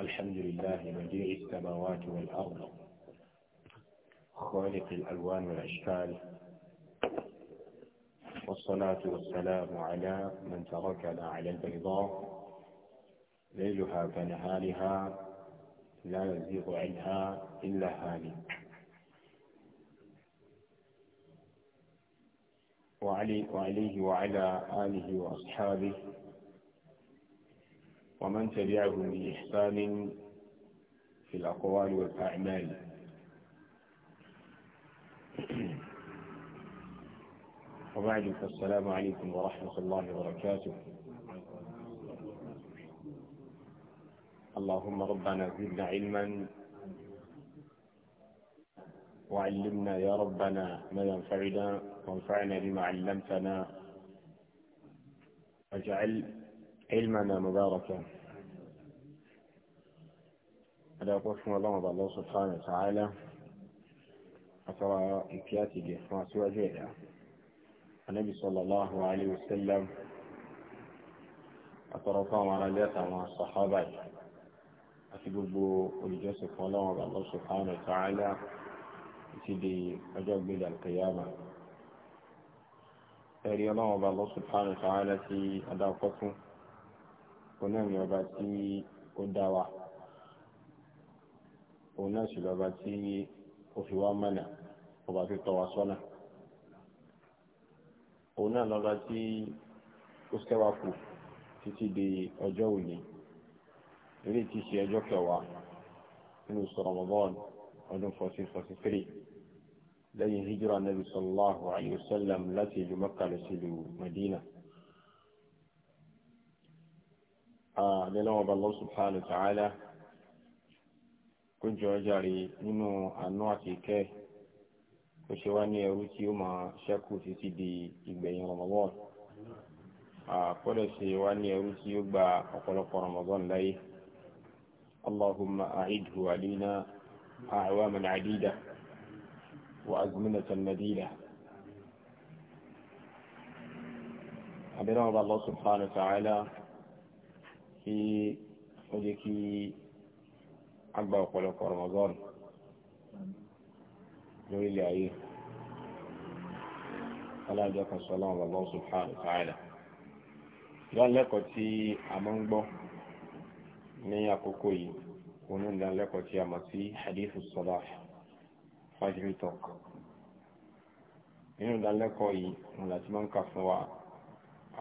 الحمد لله بديع السماوات والأرض خالق الألوان والأشكال والصلاة والسلام على من تركنا على البيضاء ليلها كنهارها لا يزيغ عنها إلا هالك وعليه وعلى آله وأصحابه ومن تبعهم بإحسان في الأقوال والأعمال وبعد فالسلام عليكم ورحمة الله وبركاته اللهم ربنا زدنا علما وعلمنا يا ربنا ما ينفعنا وانفعنا بما علمتنا واجعل علمنا مباركا هذا يقول فما الله الله سبحانه وتعالى أترى إكياتي ما سوى جيدا النبي صلى الله عليه وسلم أترى على رجاتا مع الصحابة أتقول الجسف الله الله سبحانه وتعالى يتدي أجاب إلى القيامة أري الله الله سبحانه وتعالى في أداء أداقكم òun náà ni ọba tí ó dá wa òun náà sì lọ́ba tí ó fi wá mọ̀nà ọba tó tọ́ wa sọ́nà òun náà lọ́ba tí ó ṣẹ́wà kù títí di ọjọ́ òní eré tí ṣe ọjọ́ kẹwàá nínú Ramadan ọdún fourteen lẹ́yìn hijira nabi sallallahu alayhi wa sallam láti ìlú Mẹ́kà lọ Madina. àdéhùn ah, ọba Allah subhanahu wa ta'ala kó jọ ọjà rí nínú àánú àti ìkẹ́ kó ṣe wá ní ẹrú tí ó máa ṣẹ́kù títí di ìgbẹ̀yìn Ramadan àkọ́dọ̀ ṣe wá ní ẹrú tí ó gba ọ̀pọ̀lọpọ̀ Ramadan láyé Allahumma a'idhu alina a'waman adida wa azminatan madida àbẹ̀rẹ̀ ọba Allah kí ó jẹ́ kí a gba ọ̀pọ̀lọpọ̀ Ramadan lórílẹ̀ ayé alájọ kan sọ láwọn bàbá subhanahu wa ta'ala ìdánilẹ́kọ̀ọ́ tí a máa ń gbọ́ ní àkókò yìí òun ní ìdánilẹ́kọ̀ọ́ tí a mọ̀ sí hadithu salah fajiri talk nínú ìdánilẹ́kọ̀ọ́ yìí òun láti máa ń kà fún wa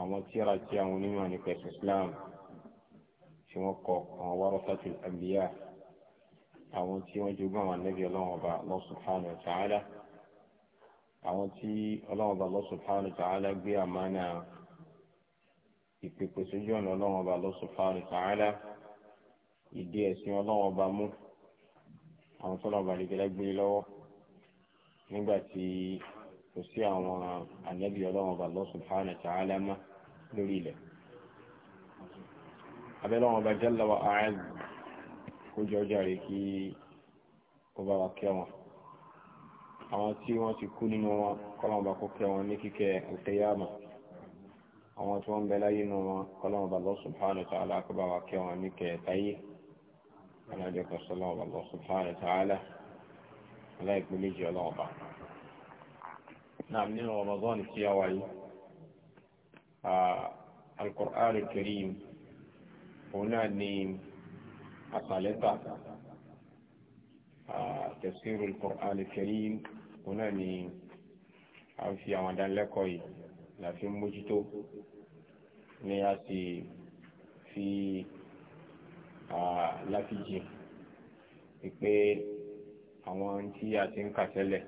àwọn tíra tí àwọn onímọ̀ nípa ẹ̀sìn Islam tí wọ́n kọ àwọn warasatul anbiya àwọn tí wọ́n jogún àwọn ànábì ọlọ́run ọba Allah subhanahu wa ta'ala àwọn tí ọlọ́run ọba Allah subhanahu wa ta'ala gbé àmánà ìpèpè sójú ọ̀nà ọlọ́run ọba Allah subhanahu wa ta'ala ìdí ẹ̀sìn ọlọ́run ọba mú àwọn tó lọ́ba àdìgẹ́lẹ́ gbé lọ́wọ́ nígbà tí kò sí àwọn ànábì ọlọ́run ọba Allah subhanahu mọ́ lórí ilẹ̀ abẹ́lọ́wọ́n bá jalla wa a'ala kó jẹ́ ọjà rẹ̀ kí ó bá wa kẹ́ wọn àwọn tí wọ́n ti kú nínú wọn kọ́lọ́wọ́n bá kó kẹ́ wọn ní kíkẹ́ al-qiyama àwọn tí wọ́n ń bẹ láyé nínú wọn kọ́lọ́wọ́n bá Allah subhanahu wa ta'ala kó bá wa kẹ́ wọn ní kẹ́ táyé alájọ kan sọ́lọ́wọ́n bá Allah subhanahu wa ta'ala aláìpẹ́ méjì ọlọ́wọ́n bá. náà nínú Ramadan tí a wáyé al-Qur'an al òun náà ni àtàlẹ́tà tafsiru al-Qur'an al-Karim òun náà ni a ń fi àwọn àdánilẹ́kọ̀ọ́ yìí la fi ń mójútó ni a sì fi láfíjì pé àwọn tí a ti ń kà tẹ́lẹ̀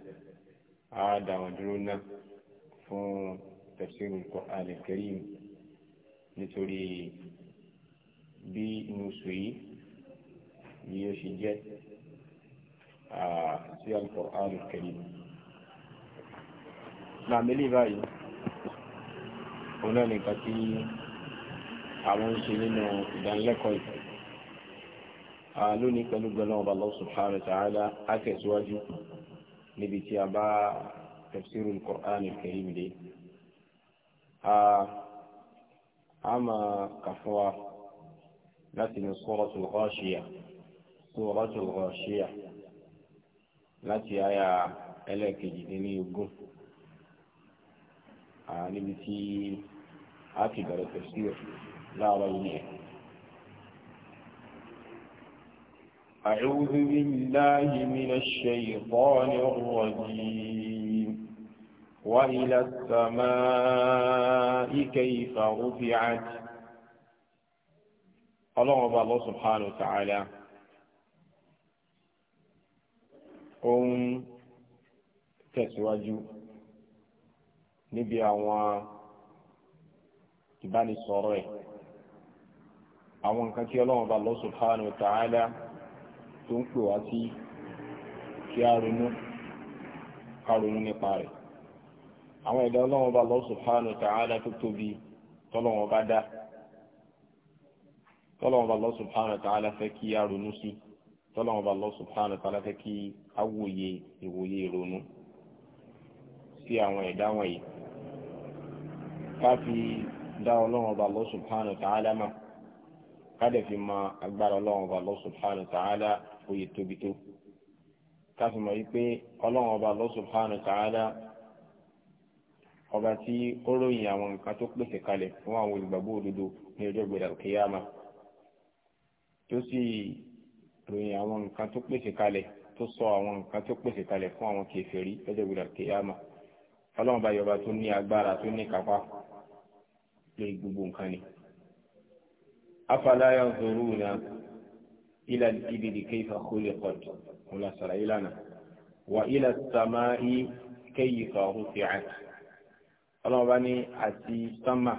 á dá wọn dúró náà fún tafsiru al nítorí bí inú oṣù yìí bí ó ṣe jẹ́ sí Al-Qur'an Al-Karim. Náà mélé báyìí, òun náà nìkan tí àwọn ń ṣe nínú ìdánilẹ́kọ̀ọ́ yìí. Lónìí pẹ̀lú gbọ́nà ọba Allah subhanahu wa ta'ala á tẹ̀síwájú níbi tí a bá tafsiru Al-Qur'an Al-Karim A máa kà fún wa. مثل سورة الغاشية سورة الغاشية التي آية إليك جديني يقول يعني بتي على التفسير لا رجلية أعوذ بالله من الشيطان الرجيم وإلى السماء كيف رفعت ọlọ́run ọba Allah subhanahu wa ta'ala ó ń tẹ̀síwájú níbi àwọn ìbánisọ̀rọ̀ ẹ̀ àwọn nǹkan tí ọlọ́run ọba Allah subhanahu wa ta'ala tó ń pè wá sí kí a ronú ká ronú nípa rẹ̀ àwọn ẹ̀dá ọlọ́run ọba Allah subhanahu wa ta'ala tó tóbi tọ́lọ́run ọba dá tọ́lọ́wọ́n bá Allah subhanahu wa ta'ala fẹ́ kí a ronú sí tọ́lọ́wọ́n bá Allah subhanahu wa ta'ala fẹ́ kí a wòye ìwòye ìrònú sí àwọn ẹ̀dá wọ̀nyí. ká fi dá ọlọ́wọ́n bá Allah subhanahu wa ta'ala mà ká dẹ̀ fi mọ agbára ọlọ́wọ́n bá Allah subhanahu wa ta'ala oyè tóbi tó. ká fi wípé ọlọ́wọ́n bá Allah subhanahu wa ta'ala ọba tí ó ròyìn àwọn nǹkan tó pèsè kalẹ̀ fún àwọn olùgbàgbọ́ òdodo ní ọjọ́ gbẹdàgbẹ́ yàmá tó sì ròyìn àwọn nǹkan tó pèsè kalẹ̀ tó sọ àwọn nǹkan tó pèsè kalẹ̀ fún àwọn kèfèrí lọ́jọ́ ìgbìdà kìyàmà ọlọ́run bá yọba tó ní agbára tó ní kápá lórí gbogbo nǹkan ni. afala yanzuruna ila al-ibili kayfa khuliqat ọ̀la sàlàyé lánàá wa ila as-samai kayfa rufi'at ọlọ́run bá ní àti sánmà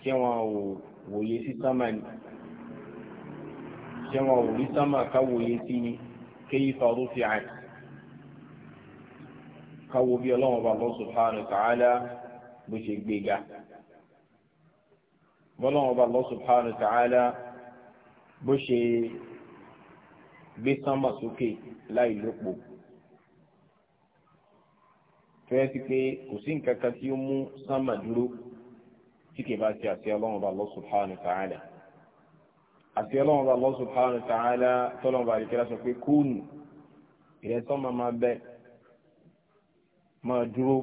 ṣé wọn ò wòye sí sánmà ni ṣé wọn ò rí sánmà ká wòye sí ni kéyí farú fi àn ká wo bí ọlọ́run bá lọ subhanahu wa bó ṣe gbé ga bá lọ subhanahu wa bó ṣe gbé sánmà sókè láì lópo fẹ́ẹ́ sí pé kò sí nǹkan kan tí ó mú sánmà dúró tí kì bá ti àti ọlọ́run bá Allah subhanahu wa ta'ala àti ọlọ́run bá Allah subhanahu wa ta'ala tọ́lọ́run bá rí kí lásán pé kúùnù ìrẹsọ́ máa máa bẹ máa dúró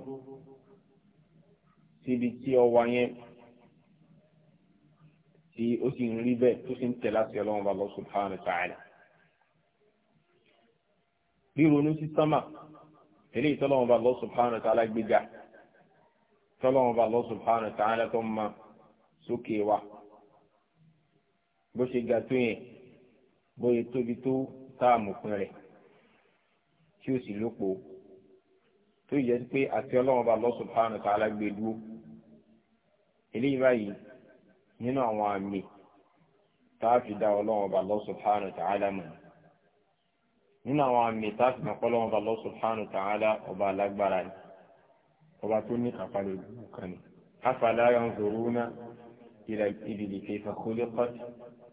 síbi tí ọwà yẹn tí ó sì ń rí bẹ́ẹ̀ tó sì ń tẹ̀lé àti ọlọ́run bá Allah subhanahu wa ta'ala ríronú sí sámà eléyìí tọ́lọ́run bá Allah subhanahu wa ta'ala tọ́lọ́run bá Allah subhanahu wa ta'ala tó ma sókè wa bó ṣe ga tó yẹn bó ṣe tóbi tó táàmù pin rẹ̀ tí ó sì lópo tó yẹ pé àti ọlọ́run bá Allah subhanahu wa gbé dúró eléyìí báyìí nínú àwọn àmì tá a fi dá ọlọ́run bá Allah subhanahu wa mọ̀ nínú àwọn àmì tá a fi mọ̀ pé bá Allah subhanahu wa ọba alágbára ni ọba tó ní àpàlẹ̀ ìlú kan ni. afala yanzuruna ila al-ibili kayfa khuliqat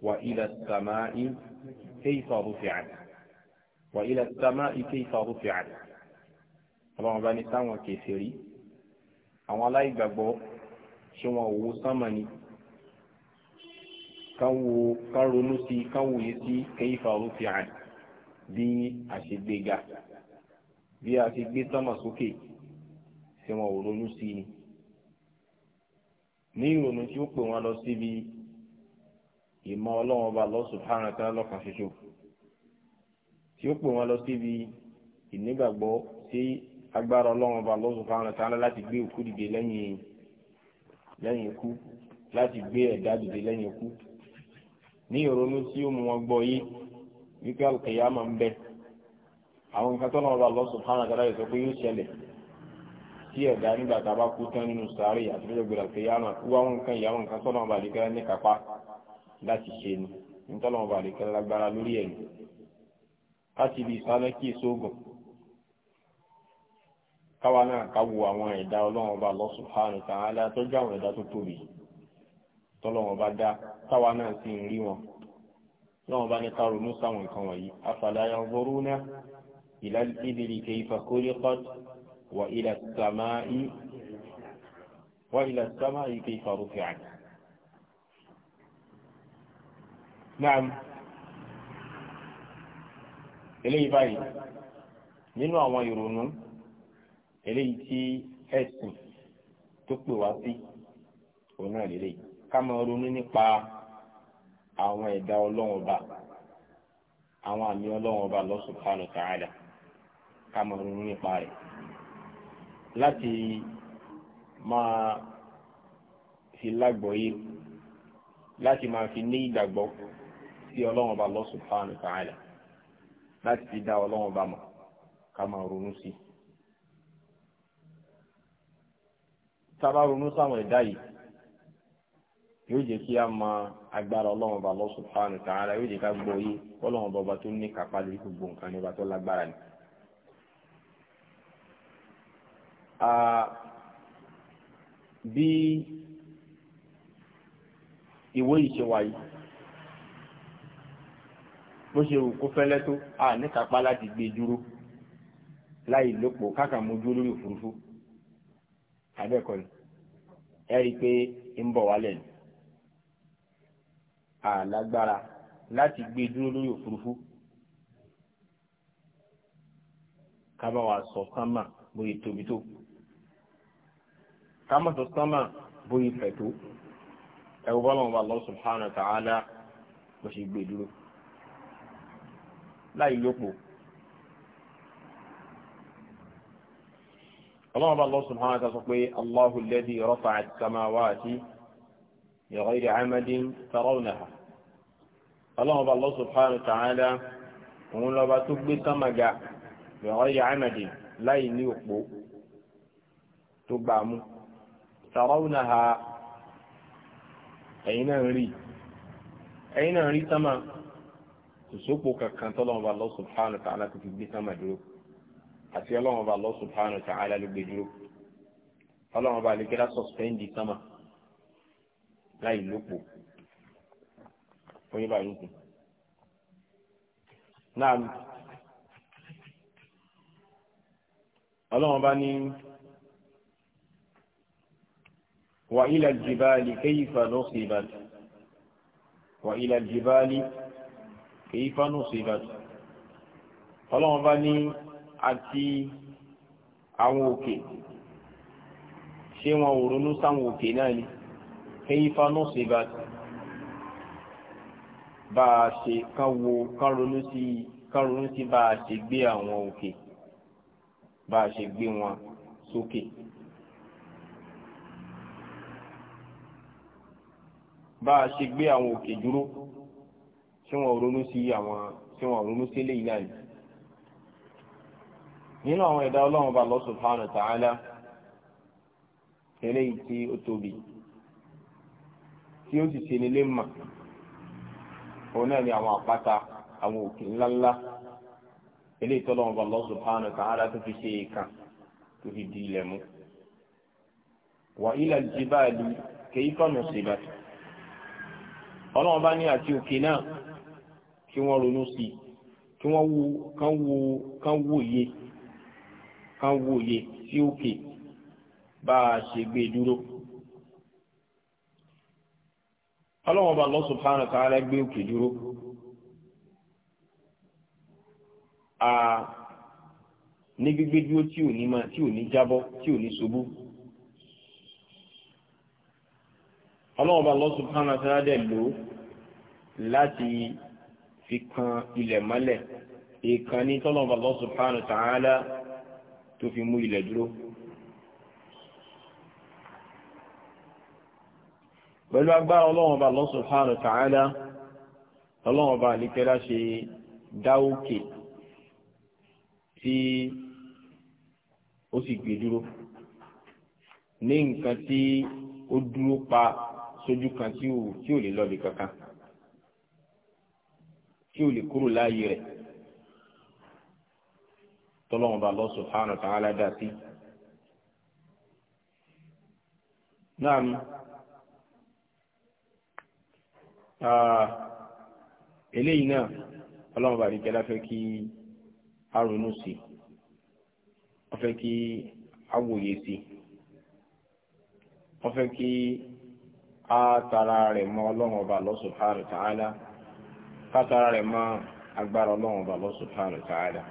wa ila as-sama'i kayfa rufi'at wa ila as-sama'i kayfa rufi'at. ọlọ́run bá ní sáwọn kèfèrí àwọn aláìgbàgbọ́ ṣé wọn ò wo sánmà ni kan wo kan ronú sí kan wòye sí kayfa rufi'at bí a ṣe gbéga bí a ṣe gbé sánmà sókè. Okay n'i wọn ò ronú sí i ní ìrònú tí ó pè wọn lọ síbi ìmọ̀ ọlọ́run ọba Allah subhanahu wa ṣoṣo tí ó pè wọn lọ síbi ìnígbàgbọ́ sí agbára ọlọ́run ọba Allah subhanahu láti gbé òkú dìde lẹ́yìn lẹ́yìn ikú láti gbé ẹ̀dá dìde lẹ́yìn ikú ní ìrònú tí ó mú wọn gbọ́ tí ẹ̀dá nígbà tá a bá kú tán nínú sàárè àti lọ́jọ́ gbèrà pé yàrá kú àwọn nǹkan ìyàwó nǹkan sọ́nà ọba àdìkẹ́rẹ́ ní kápá láti ṣe ni nítorí ọba àdìkẹ́rẹ́ lágbára lórí ẹ̀mí láti ibi ìsàlẹ̀ kí ìṣóògùn káwa náà ká wo àwọn ẹ̀dá ọlọ́run ọba Allah subhanahu ta'ala tọ́jú àwọn ẹ̀dá tó tóbi tọ́lọ́run ọba dá káwa náà sì ń rí wọn lọ́wọ́n bá ní ká ronú sáwọn nǹkan wọ̀nyí afala yanzuruna ila al-ibili kayfa khuliqat wa ila as-samaa'i wa ila as-samaa'i kayfa rufi'at naam eléyìí báyìí nínú àwọn ìrònú eléyìí tí ẹ̀sìn tó pè wá sí òun náà lélẹ̀ ká máa ronú nípa àwọn ẹ̀dá ọlọ́run àwọn àmì ọlọ́run ọba Allah subhanahu wa ronú nípa rẹ̀ láti máa fi lágbọ̀ọ́yé láti máa fi ní ìgbàgbọ́ sí ọlọ́run ọba Allah subhanahu wa ta'ala láti fi dá ọlọ́run ọba mọ̀ ká máa ronú sí i. tábà ronú sáwọn ẹ̀dá yìí yóò jẹ́ kí a mọ agbára ọlọ́run ọba Allah subhanahu wa ta'ala yóò jẹ́ ká gbọ́ yé ọlọ́run ọba tó ní kápá lórí gbogbo nǹkan ní ọba tó lágbára ni. bí ìwé ìṣe wáyé bó ṣe wù kó fẹ́lẹ́ tó a níkàpá láti gbé dúró láì lópò kákàmójú lórí òfurufú abẹ́ẹ̀kọ́ ni ẹ rí i pé ń bọ̀ wálẹ̀ ni àlágbára láti gbé dúró lórí òfurufú ká bá wa sọ kán mà bóyá tóbi tó kámọ́tò sánmà bó ifẹ̀ tó ẹ̀rù bọ́lá wọn bá Allah subhanahu wa ta'ala bó ṣe gbé dúró láì lópo. ọlọ́run bá Allah subhanahu wa ta'ala sọ pé Allahu alladhi rafa'a as-samawati bighayri 'amadin tarawnaha ọlọ́run bá Allah subhanahu wa ta'ala òun lọ́ba tó gbé sánmàga bighayri 'amadin láì ní òpó tó gbàmú tarawunaha ẹ̀yin náà rí ẹ̀yin náà rí sámà kò sópo kankan tọ́lọ́wọ́n bá Allah subhanahu wa ta'ala ti fi gbé sámà dúró àti ọlọ́wọ́n bá Allah subhanahu wa ta'ala ló gbé dúró ọlọ́wọ́n lè kí lásọ̀ spẹ́ndì láì lópo oyin báyìí náà ọlọ́wọ́n ní. وإلى الجبال كيف نصبت وإلى الجبال كيف نصبت ọlọ́run bá ní àti àwọn òkè ṣé wọn ò ronú sáwọn òkè náà ni kayfa nusibat bá a ṣe kán wo kán ronú sí kán ronú sí bá a ṣe gbé àwọn òkè bá a ṣe gbé wọn sókè. So bá a ṣe gbé àwọn òkè dúró tí wọ́n ronú sí àwọn tí wọ́n ronú sí eléyìí náà yìí nínú àwọn ẹ̀dá ọlọ́run bá Allah subhanahu wa ta'ala eléyìí tí ó tóbi tí ó sì ṣe nílé mà òun náà ni àwọn àpáta àwọn òkè ńláńlá eléyìí bá tó fi ṣe tó fi di ilẹ̀ mú wa ila al ọlọ́run bá ní àti òkè náà kí wọ́n ronú sí i kí wọ́n wo kán wo kán wo òye kán wo òye sí òkè bá a ṣe gbé e dúró. ọlọ́run bá Allah subhanahu wa ta'ala gbé òkè dúró. a ní gbígbé dúró tí ò ní máa tí ò ní jábọ́ tí ò ní ṣubú. ọlọ́run bá Allah subhanahu wa ta'ala lò láti fi kan ilẹ̀ mọ́lẹ̀ ìkànnì tọ́lọ́run bá Allah subhanahu wa ta'ala tó fi mú ilẹ̀ dúró. pẹ̀lú agbára ọlọ́run ọba Allah subhanahu wa ta'ala ọlọ́run ọba àlìkẹ́lá ṣe dá tí ó sì gbé dúró ní nǹkan tí ó dúró pa sójú kan tí ò tí ò lè lọ bí kankan tí ò lè kúrò láàyè rẹ̀ tọ́lọ́mọba Allah subhanahu wa ta'ala dá sí. Naam eléyìí náà ọlọ́mọba àdìjẹ́lá fẹ́ kí a ronú sí wọ́n fẹ́ kí a sí wọ́n fẹ́ kí. A rẹ̀ mọ́ ọlọ́run ọba Allah subhanahu wa ta'ala tara rẹ̀ mọ́ agbára ọlọ́run ọba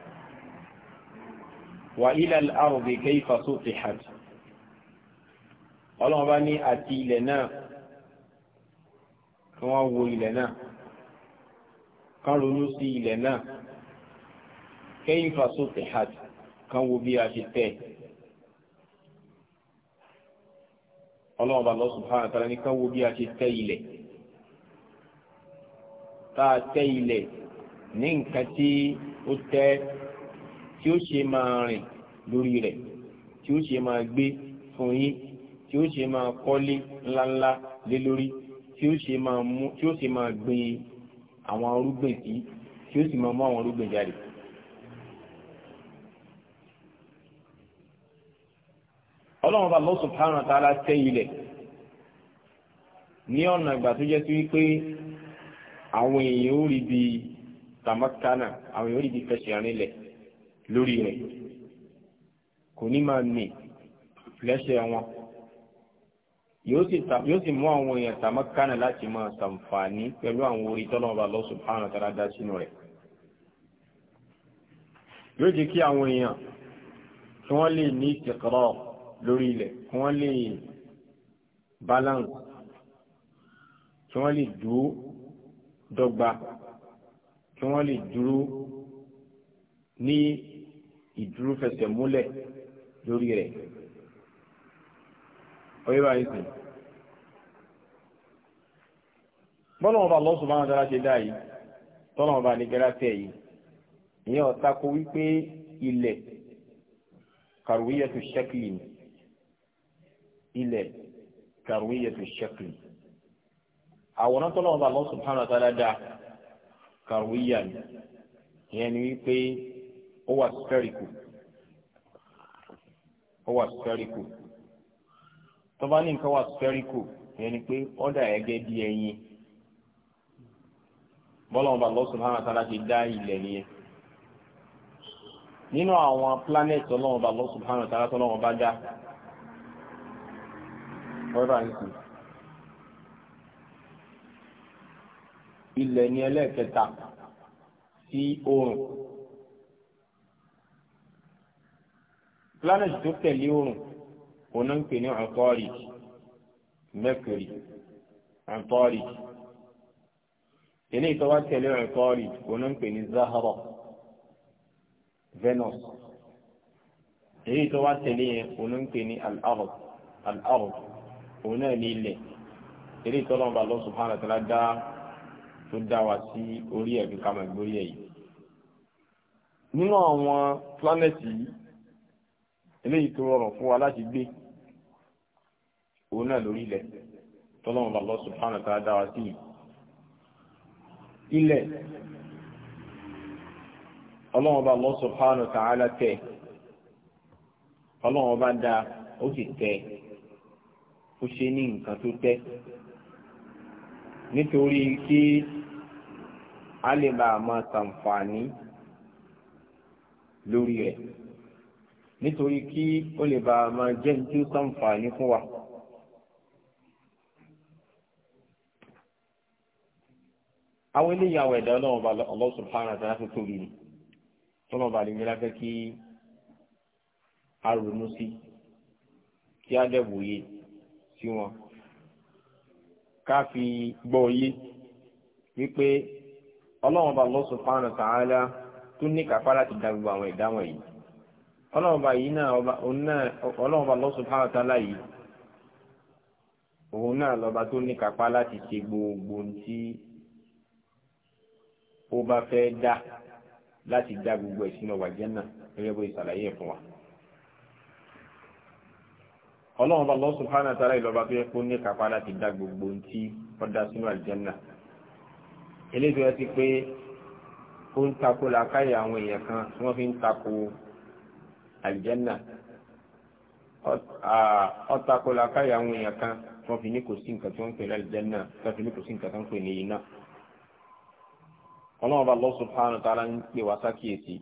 wa ila al-ardi kayfa sutihat ọlọ́run ọba ní àti ilẹ̀ náà kí wọ́n wo ilẹ̀ náà kán ronú sí ilẹ̀ náà kayfa wo bí a ọlọ́run bá Allah subhanahu wa ta'ala ní ká wo bí a ṣe tẹ́ ilẹ̀ tá a tẹ́ ilẹ̀ ní nǹkan tí ó tẹ́ tí ó ṣe máa rìn lórí rẹ̀ tí ó ṣe máa gbé fún yín tí ó ṣe máa kọ́lé ńláńlá lé lórí tí ó ṣe máa mú tí ó ṣe máa gbin àwọn arúgbìn sí tí ó sì máa mú àwọn arúgbìn jáde. ọlọ́run bá lọ́sùn subhanahu wa ta'ala tẹ́ ilẹ̀ ní ọ̀nà ìgbà tó jẹ́ sí wípé àwọn èèyàn ó rí bí tamakana àwọn èèyàn ó rí bí fẹsẹ̀ rinlẹ̀ lórí rẹ̀ kò ní máa mì lẹ́sẹ̀ wọn yóò sì mú àwọn èèyàn tamakana láti máa ṣàǹfààní pẹ̀lú àwọn orí tọ́lọ́run bá lọ́sùn subhanahu wa dá sínú rẹ̀ yóò jẹ́ kí àwọn èèyàn tí wọ́n lè ní ìtẹ̀kọ́rọ̀ lórí ilẹ̀ kí wọ́n lè balance kí wọ́n lè dúró dọ́gba kí wọ́n lè dúró ní ìdúrófẹsẹ̀múlẹ̀ lórí rẹ̀ ọyẹ́ báyìí sìn. bọ́lá ọba Allah subhanahu wa ta'ala ṣe dá yìí tọ́lá ọba nìgẹ́rẹ́ tẹ̀ yìí ìyẹn ọ̀tá wípé ilẹ̀ kàrúwíyẹ̀ tó ṣẹ́kìlì ni. ilẹ̀ kàrúyẹ̀tù ṣẹ́kìlì àwòrán tó lọ́wọ́ bá Allah subhanahu wa ta'ala da kàrúyà ni ìyẹn ni wípé ó wà spherical ó wà wa tó bá ní nǹkan wà spherical ìyẹn ni pé ó dà gẹ́gẹ́ di ẹyin bọ́lá ọba Allah subhanahu wa ta'ala ti dá ilẹ̀ nìyẹn nínú àwọn subhanahu wa ta'ala ọ̀rọ̀ àìsí. ilẹ̀ ní ẹlẹ́ẹ̀kẹta sí oòrùn. planet tó tẹ̀lé oòrùn òun ń pè ní antoric mercury antoric eléyìí tó wá tẹ̀lé antoric òun ń pè ní zahara venus èyí tó wá tẹ̀lé yẹn òun ń pè ní al-ard al-ard. òun náà ní ilẹ̀ eré ìtọ́lọ́wọ́n bá dá tó dá wa sí orí ẹ̀ fi máa gbórí ẹ̀ yìí. nínú àwọn pílánẹ̀tì yìí eléyìí tó rọrùn fún wa láti gbé òun náà lórí ilẹ̀ bá sí ilẹ̀ kó ṣe ní nǹkan tó tẹ́ nítorí kí a lè bá a máa ṣàǹfààní lórí rẹ̀ nítorí kí ó lè bá a máa jẹ́ ní tí ó ṣàǹfààní fún wa. àwọn eléyàwó ẹ̀dá ọlọ́run bá Allah subhanahu wa ta'ala tó tóbi ni tọ́lọ́run bá lè ní láfẹ́ kí a ronú sí kí a dẹ̀ wòye sí wọn ká fi gbọ́ yé wípé ọlọ́run bá Allah subhanahu wa ta'ala tó ní kápá láti dá gbogbo àwọn ẹ̀dá wọ̀nyí ọlọ́run bá yìí náà ọlọ́run bá Allah subhanahu wa ta'ala yìí òun náà lọ́ba tó ní kápá láti ṣe gbogbo tí ó bá fẹ́ dá láti dá gbogbo ẹ̀sìn ọ̀wà jẹ́ náà gẹ́gẹ́ bó ṣàlàyé ẹ̀ fún wa ọlọ́run bá Allah subhanahu wa ta'ala ìlọba tó yẹ kó ní kápá láti dá gbogbo ohun tí wọ́n dá sínú àlìjẹ́nà eléyìí wọ́n ti pé ó ń takò làákàyè àwọn èèyàn kan tí wọ́n fi ń takò àlìjẹ́nà ó takò làákàyè àwọn èèyàn kan tí wọ́n fi ní kò sí nǹkan tí wọ́n ń pè ní àlìjẹ́nà tí wọ́n fi ní kò sí nǹkan tí wọ́n ń pè ní iná ọlọ́run bá Allah subhanahu wa ń pè wá sákìyèsí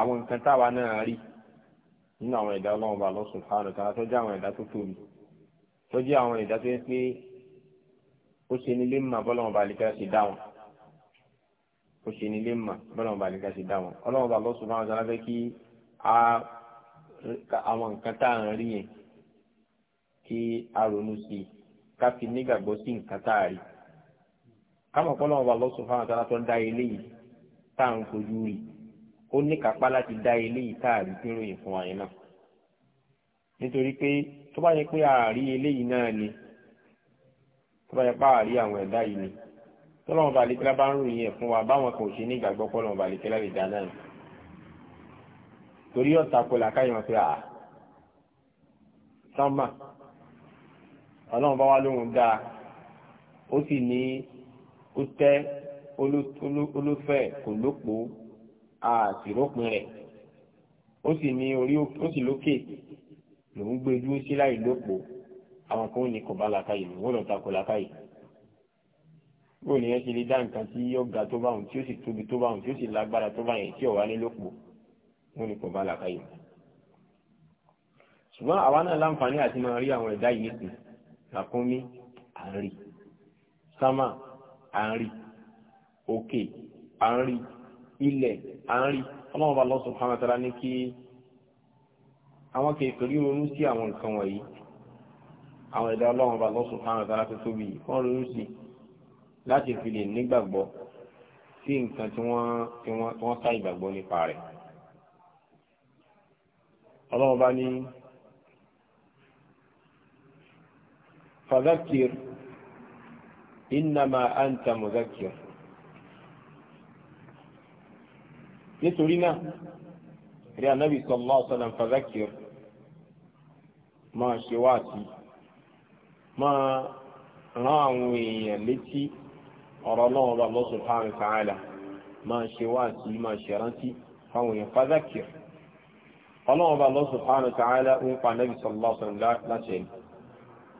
àwọn nǹkan táwa náà rí nínú àwọn ẹ̀dá ọlọ́run bá Allah subhanahu wa ta'ala tó jẹ́ àwọn ẹ̀dá tó tóbi tó jẹ́ àwọn ẹ̀dá tó yẹ pé ó ṣe nílé mà bọ́lọ́run bá àlíkà ṣe dá wọn ó ṣe nílé mà bọ́lọ́run bá àlíkà ṣe dá wọn ọlọ́run bá Allah subhanahu wa ta'ala fẹ́ kí àwọn nǹkan tá à ń rí yẹn kí a ronú sí i ká fi nígbàgbọ́ sí nǹkan tá a rí kámọ̀ pọ́lọ́run bá Allah subhanahu wa ta'ala tó ń dá ilé yìí tá à ń fojú rí i ó ní kápá láti dá eléyìí táàrí pínròyìn fún wa yẹn náà nítorí pé tó bá yẹ pé àárí eléyìí náà ni tó bá yẹ pé àárí àwọn ẹ̀dá yìí ni tọ́lọ́mọba àlekẹ́lá bá ń ròyìn ẹ̀ fún wa báwọn kan ò ṣe ní ìgbàgbọ́ pọ́lọ́mọba àlekẹ́lá lè dá náà torí ọ̀tá kọlà káyọ̀ pé à sánmà ọlọ́run bá wá lóhun dáa ó sì ní ó tẹ́ olófẹ́ kò lópòó àtìrópin rẹ̀ ó sì ní orí ó sì lókè lòún gbé dúró sí láì lópò àwọn kan ní kò bá làkàyè wọn lọ takò làkàyè bó ni ẹ ṣe lè dá nǹkan tí yóò ga tó bá òun tí ó sì tóbi tó bá òun tí ó sì lágbára tó bá yẹn tí ò wá ní lópò wọn ní kò bá làkàyè ṣùgbọ́n àwa náà láǹfààní àti máa rí àwọn ẹ̀dá yìí nìkan làkúnmí à ń rí sámà à ń rí òkè à ń rí ilẹ̀ àárí ọlọ́run bá lọ́sùn pàmẹ́tara ní kí àwọn kèfèrí ronú sí àwọn nǹkan wọ̀nyí àwọn ẹ̀dá ọlọ́run bá lọ́sùn pàmẹ́tara tó tóbi wọ́n ronú sí láti fi lè nígbàgbọ́ sí nǹkan tí wọ́n tí wọ́n ká ìgbàgbọ́ nípa rẹ̀ ọlọ́run bá ní fadakir innama anta mudakir nítorí náà rí anábì sallallahu alaihi wasallam fadhakkir máa ṣe wáàsí máa rán àwọn èèyàn létí ọ̀rọ̀ náà bá Allah subhanahu wa ta'ala máa ṣe wáàsí máa ṣe rántí fáwọn èèyàn fadhakkir ọlọ́run bá Allah subhanahu wa ta'ala ń pa anábì sallallahu alaihi wasallam láṣẹ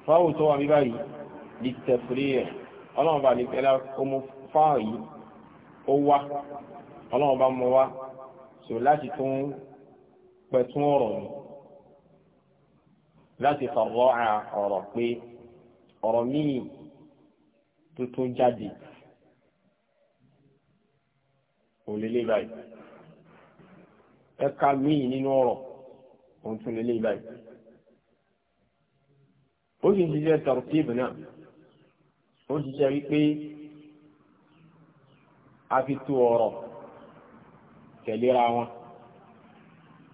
fáwọn tó wà ní báyìí ẹ̀ ọlọ́run bá ní pẹ́lá ó mú yìí ó wá ọlọ́run bá mọ wá sọ láti tún pẹ̀tún ọ̀rọ̀ ni láti fọ̀rọ̀ à ọ̀rọ̀ pé ọ̀rọ̀ míì tuntun jáde òun lélẹ́ báyìí ẹ̀ka míì nínú ọ̀rọ̀ òun tún lélẹ́ báyìí ó sì ń ṣiṣẹ́ tọ̀rọ̀tíìbù náà ó ń ṣiṣẹ́ wípé a fi tu ọ̀rọ̀ tẹ̀léra wọn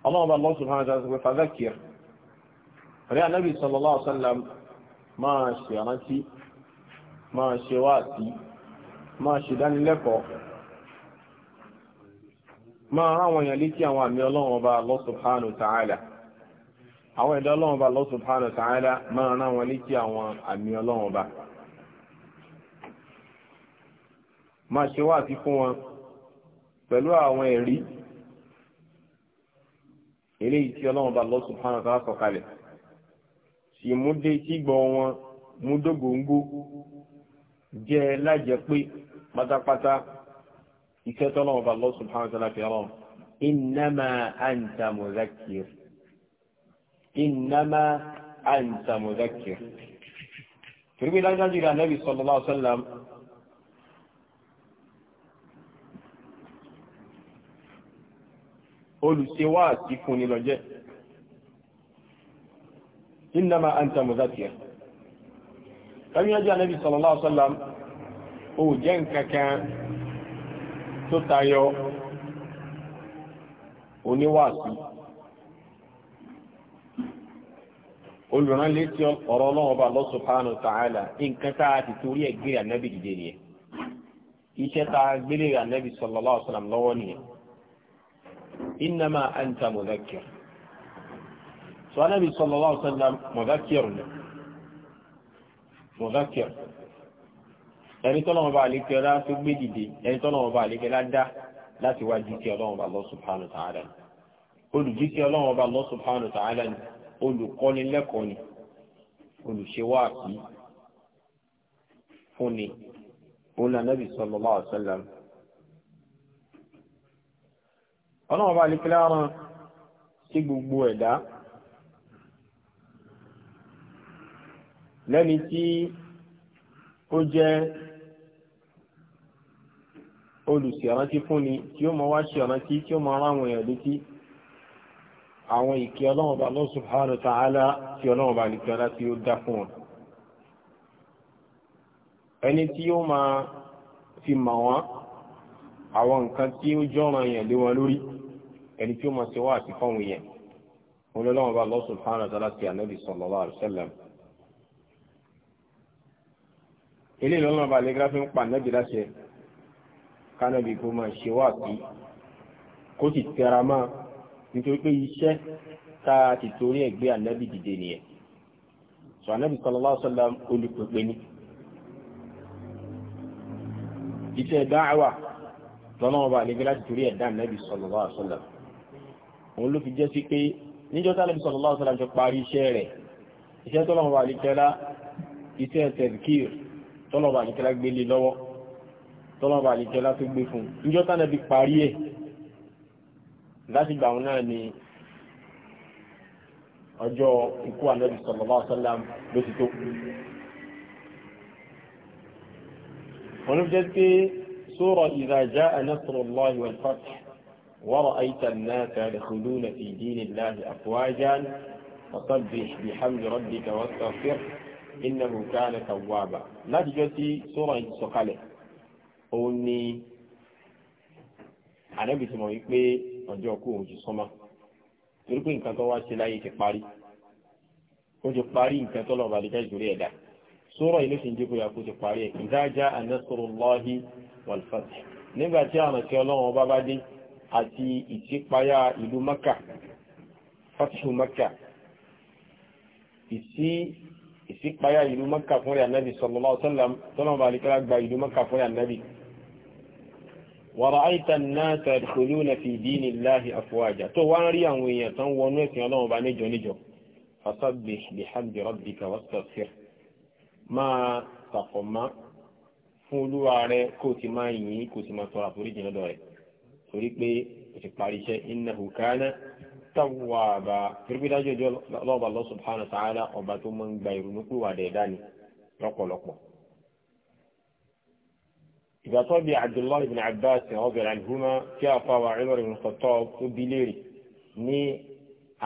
ọlọ́ọ̀bá Allah subhanahu wa ta'ala sọ pé fadhakir rí anábì sallallahu alaihi wasallam máa ṣe rántí máa ṣe wáàtí máa ṣe dánilẹ́kọ̀ọ́ máa ráwọn èèyàn létí àwọn àmì ọlọ́run ọba Allah subhanahu wa ta'ala àwọn ẹ̀dá ọlọ́run ọba Allah máa ráwọn létí àwọn àmì ọlọ́run máa ṣe wáàtí fún wọn pẹ̀lú àwọn ẹ̀rí eléyìí tí ọlọ́run bá lọ́sùn fáwọn tó wá sọ̀kalẹ̀ sì mú dé tí gbọ́n wọn mú dógóńgó jẹ́ lájẹ́ pé pátápátá iṣẹ́ tọ́lọ́run bá lọ́sùn fáwọn tó láfi ọlọ́run innama anta mudhakkir innama anta mudhakkir. rẹ̀ anábì sallallahu alaihi wasallam olùsewá àti fúnni lọ́jẹ́ innama anta mudhakkir kàmíyànjú ànábì sallallahu alaihi wasallam ó jẹ́ nǹkankan tó tayọ oníwàásí olùrànlé tí ọ̀rọ̀ náà ọba Allah subhanahu wa ta'ala nǹkan tá a ti torí ẹ̀ gbé ànábì dìde nìyẹn iṣẹ́ tá a gbélé ànábì sallallahu alaihi wasallam lọ́wọ́ nìyẹn إنما أنت مذكر، so anabi sallallahu alaihi wasallam mudhakkir ni mudhakkir ẹni tọ́lọ́wọ́n bá àlékẹ́ ọlá tó gbé dìde ẹni tọ́lọ́wọ́n bá àlékẹ́ ọlá dá láti wá jíṣẹ́ ọlọ́wọ́n bá Allah subhanahu wa ta'ala ni olùjíṣẹ́ ọlọ́wọ́n bá Allah subhanahu wa ta'ala ni olùkọ́ni lẹ́kọ̀ọ́ ni olùṣèwádìí fúnni òun lànà bí ọlọ́run bá lè fi láàrán sí gbogbo ẹ̀dá lẹ́ni tí ó jẹ́ olùṣèrántí fúnni tí ó mọ wá ṣèrántí tí ó mọ ráwọn èèyàn létí àwọn ìkẹ́ ọlọ́run bá Allah subhanahu wa ta'ala tí ọlọ́run bá lè fi ọlá tí ó dá fún wọn ẹni tí ó máa fi mọ̀ wọ́n àwọn nǹkan tí ó jọ́ràn èèyàn lé wọn lórí ẹni tí ó máa ṣe wá àti fáwọn èèyàn wọn lọ lọ́wọ́ bá Allah subhanahu wa ta'ala ti ànábì sallallahu alaihi wasallam. ilé ìlọ́lọ́wọ́ bá lẹ́gbẹ́rẹ́ fi ń pa ànábì láṣẹ kánábì kó máa ṣe wá àti kó sì tẹra máa nítorí pé iṣẹ́ tá a ti torí ẹ̀ gbé ànábì dìde nìyẹn. sọ ànábì sallallahu alaihi wasallam olùpẹ̀pẹ̀ ni iṣẹ́ dáhàwà lọ́nà ọba àlejò láti torí ẹ̀dá nàbì sallallahu alaihi wasallam òun ló fi jẹ́ sí pé níjọ́ tá lẹ́bí sallallahu alaihi wasallam jọ parí iṣẹ́ rẹ̀ iṣẹ́ tọ́lọ́mọba àlìkẹ́lá iṣẹ́ tẹ̀kír tọ́lọ́mọba àlìkẹ́lá gbé lé lọ́wọ́ tọ́lọ́mọba àlìkẹ́lá tó gbé fún níjọ́ tá lẹ́bí parí ẹ̀ láti gbà wọn náà ni ọjọ́ ikú àlẹ́bí sallallahu alaihi wasallam ló ti tó wọn ló jẹ́ pé sura idha jaa nasrullahi wal ورأيت الناس يدخلون في دين الله أفواجا فسبح بحمد ربك واستغفر إنه كان توابا لا تجوتي سورة سقالة أوني أنا بسمع يكبي أجوكو جسما torípé nǹkan tó wá ṣe láyé ti parí ó ti parí nǹkan tó lọ́ba lè jẹ́jùrí ẹ̀dá sura ilé ṣe ń jẹ́ kó yà kó ti parí ẹ̀ idha jaa nasrullahi wal fath nígbà tí àwọn ọ̀sẹ̀ ọlọ́run ọba bá dé àti ìtìpayà ìlú maka fatihu maka ìsí ìsípayà ìlú maka fún rẹ̀ ànábì sallallahu alaihi wasallam tọ́lọ́mọba àlìkọ́lá gba ìlú maka fún rẹ̀ ànábì wàrà àìta náà tàdùkúlù na fi dínì láàhì afwaja tó wá ń rí àwọn èèyàn tán wọnú ẹ̀sìn ọlọ́mọba níjọ níjọ fasabbih bihamdi rabbika wastaghfir máa tàfọ̀má fún olúwa rẹ̀ kó ti máa yìn kó ti máa tọrọ àforíjì lọ́dọ̀ rẹ̀ torí pé o ti parí iṣẹ́ innahu kana tawwaba torí pé dájú ọjọ́ lọ́ba Allah subhanahu wa ta'ala ọba tó máa ń gba ìrònú pé wà dẹ̀ẹ́dá ni lọ́pọ̀lọpọ̀. ìgbà tó bí Abdullahi ibn Abbas radiyallahu anhuma kí àfàwà Umar ibn Khattab tó bí léèrè ní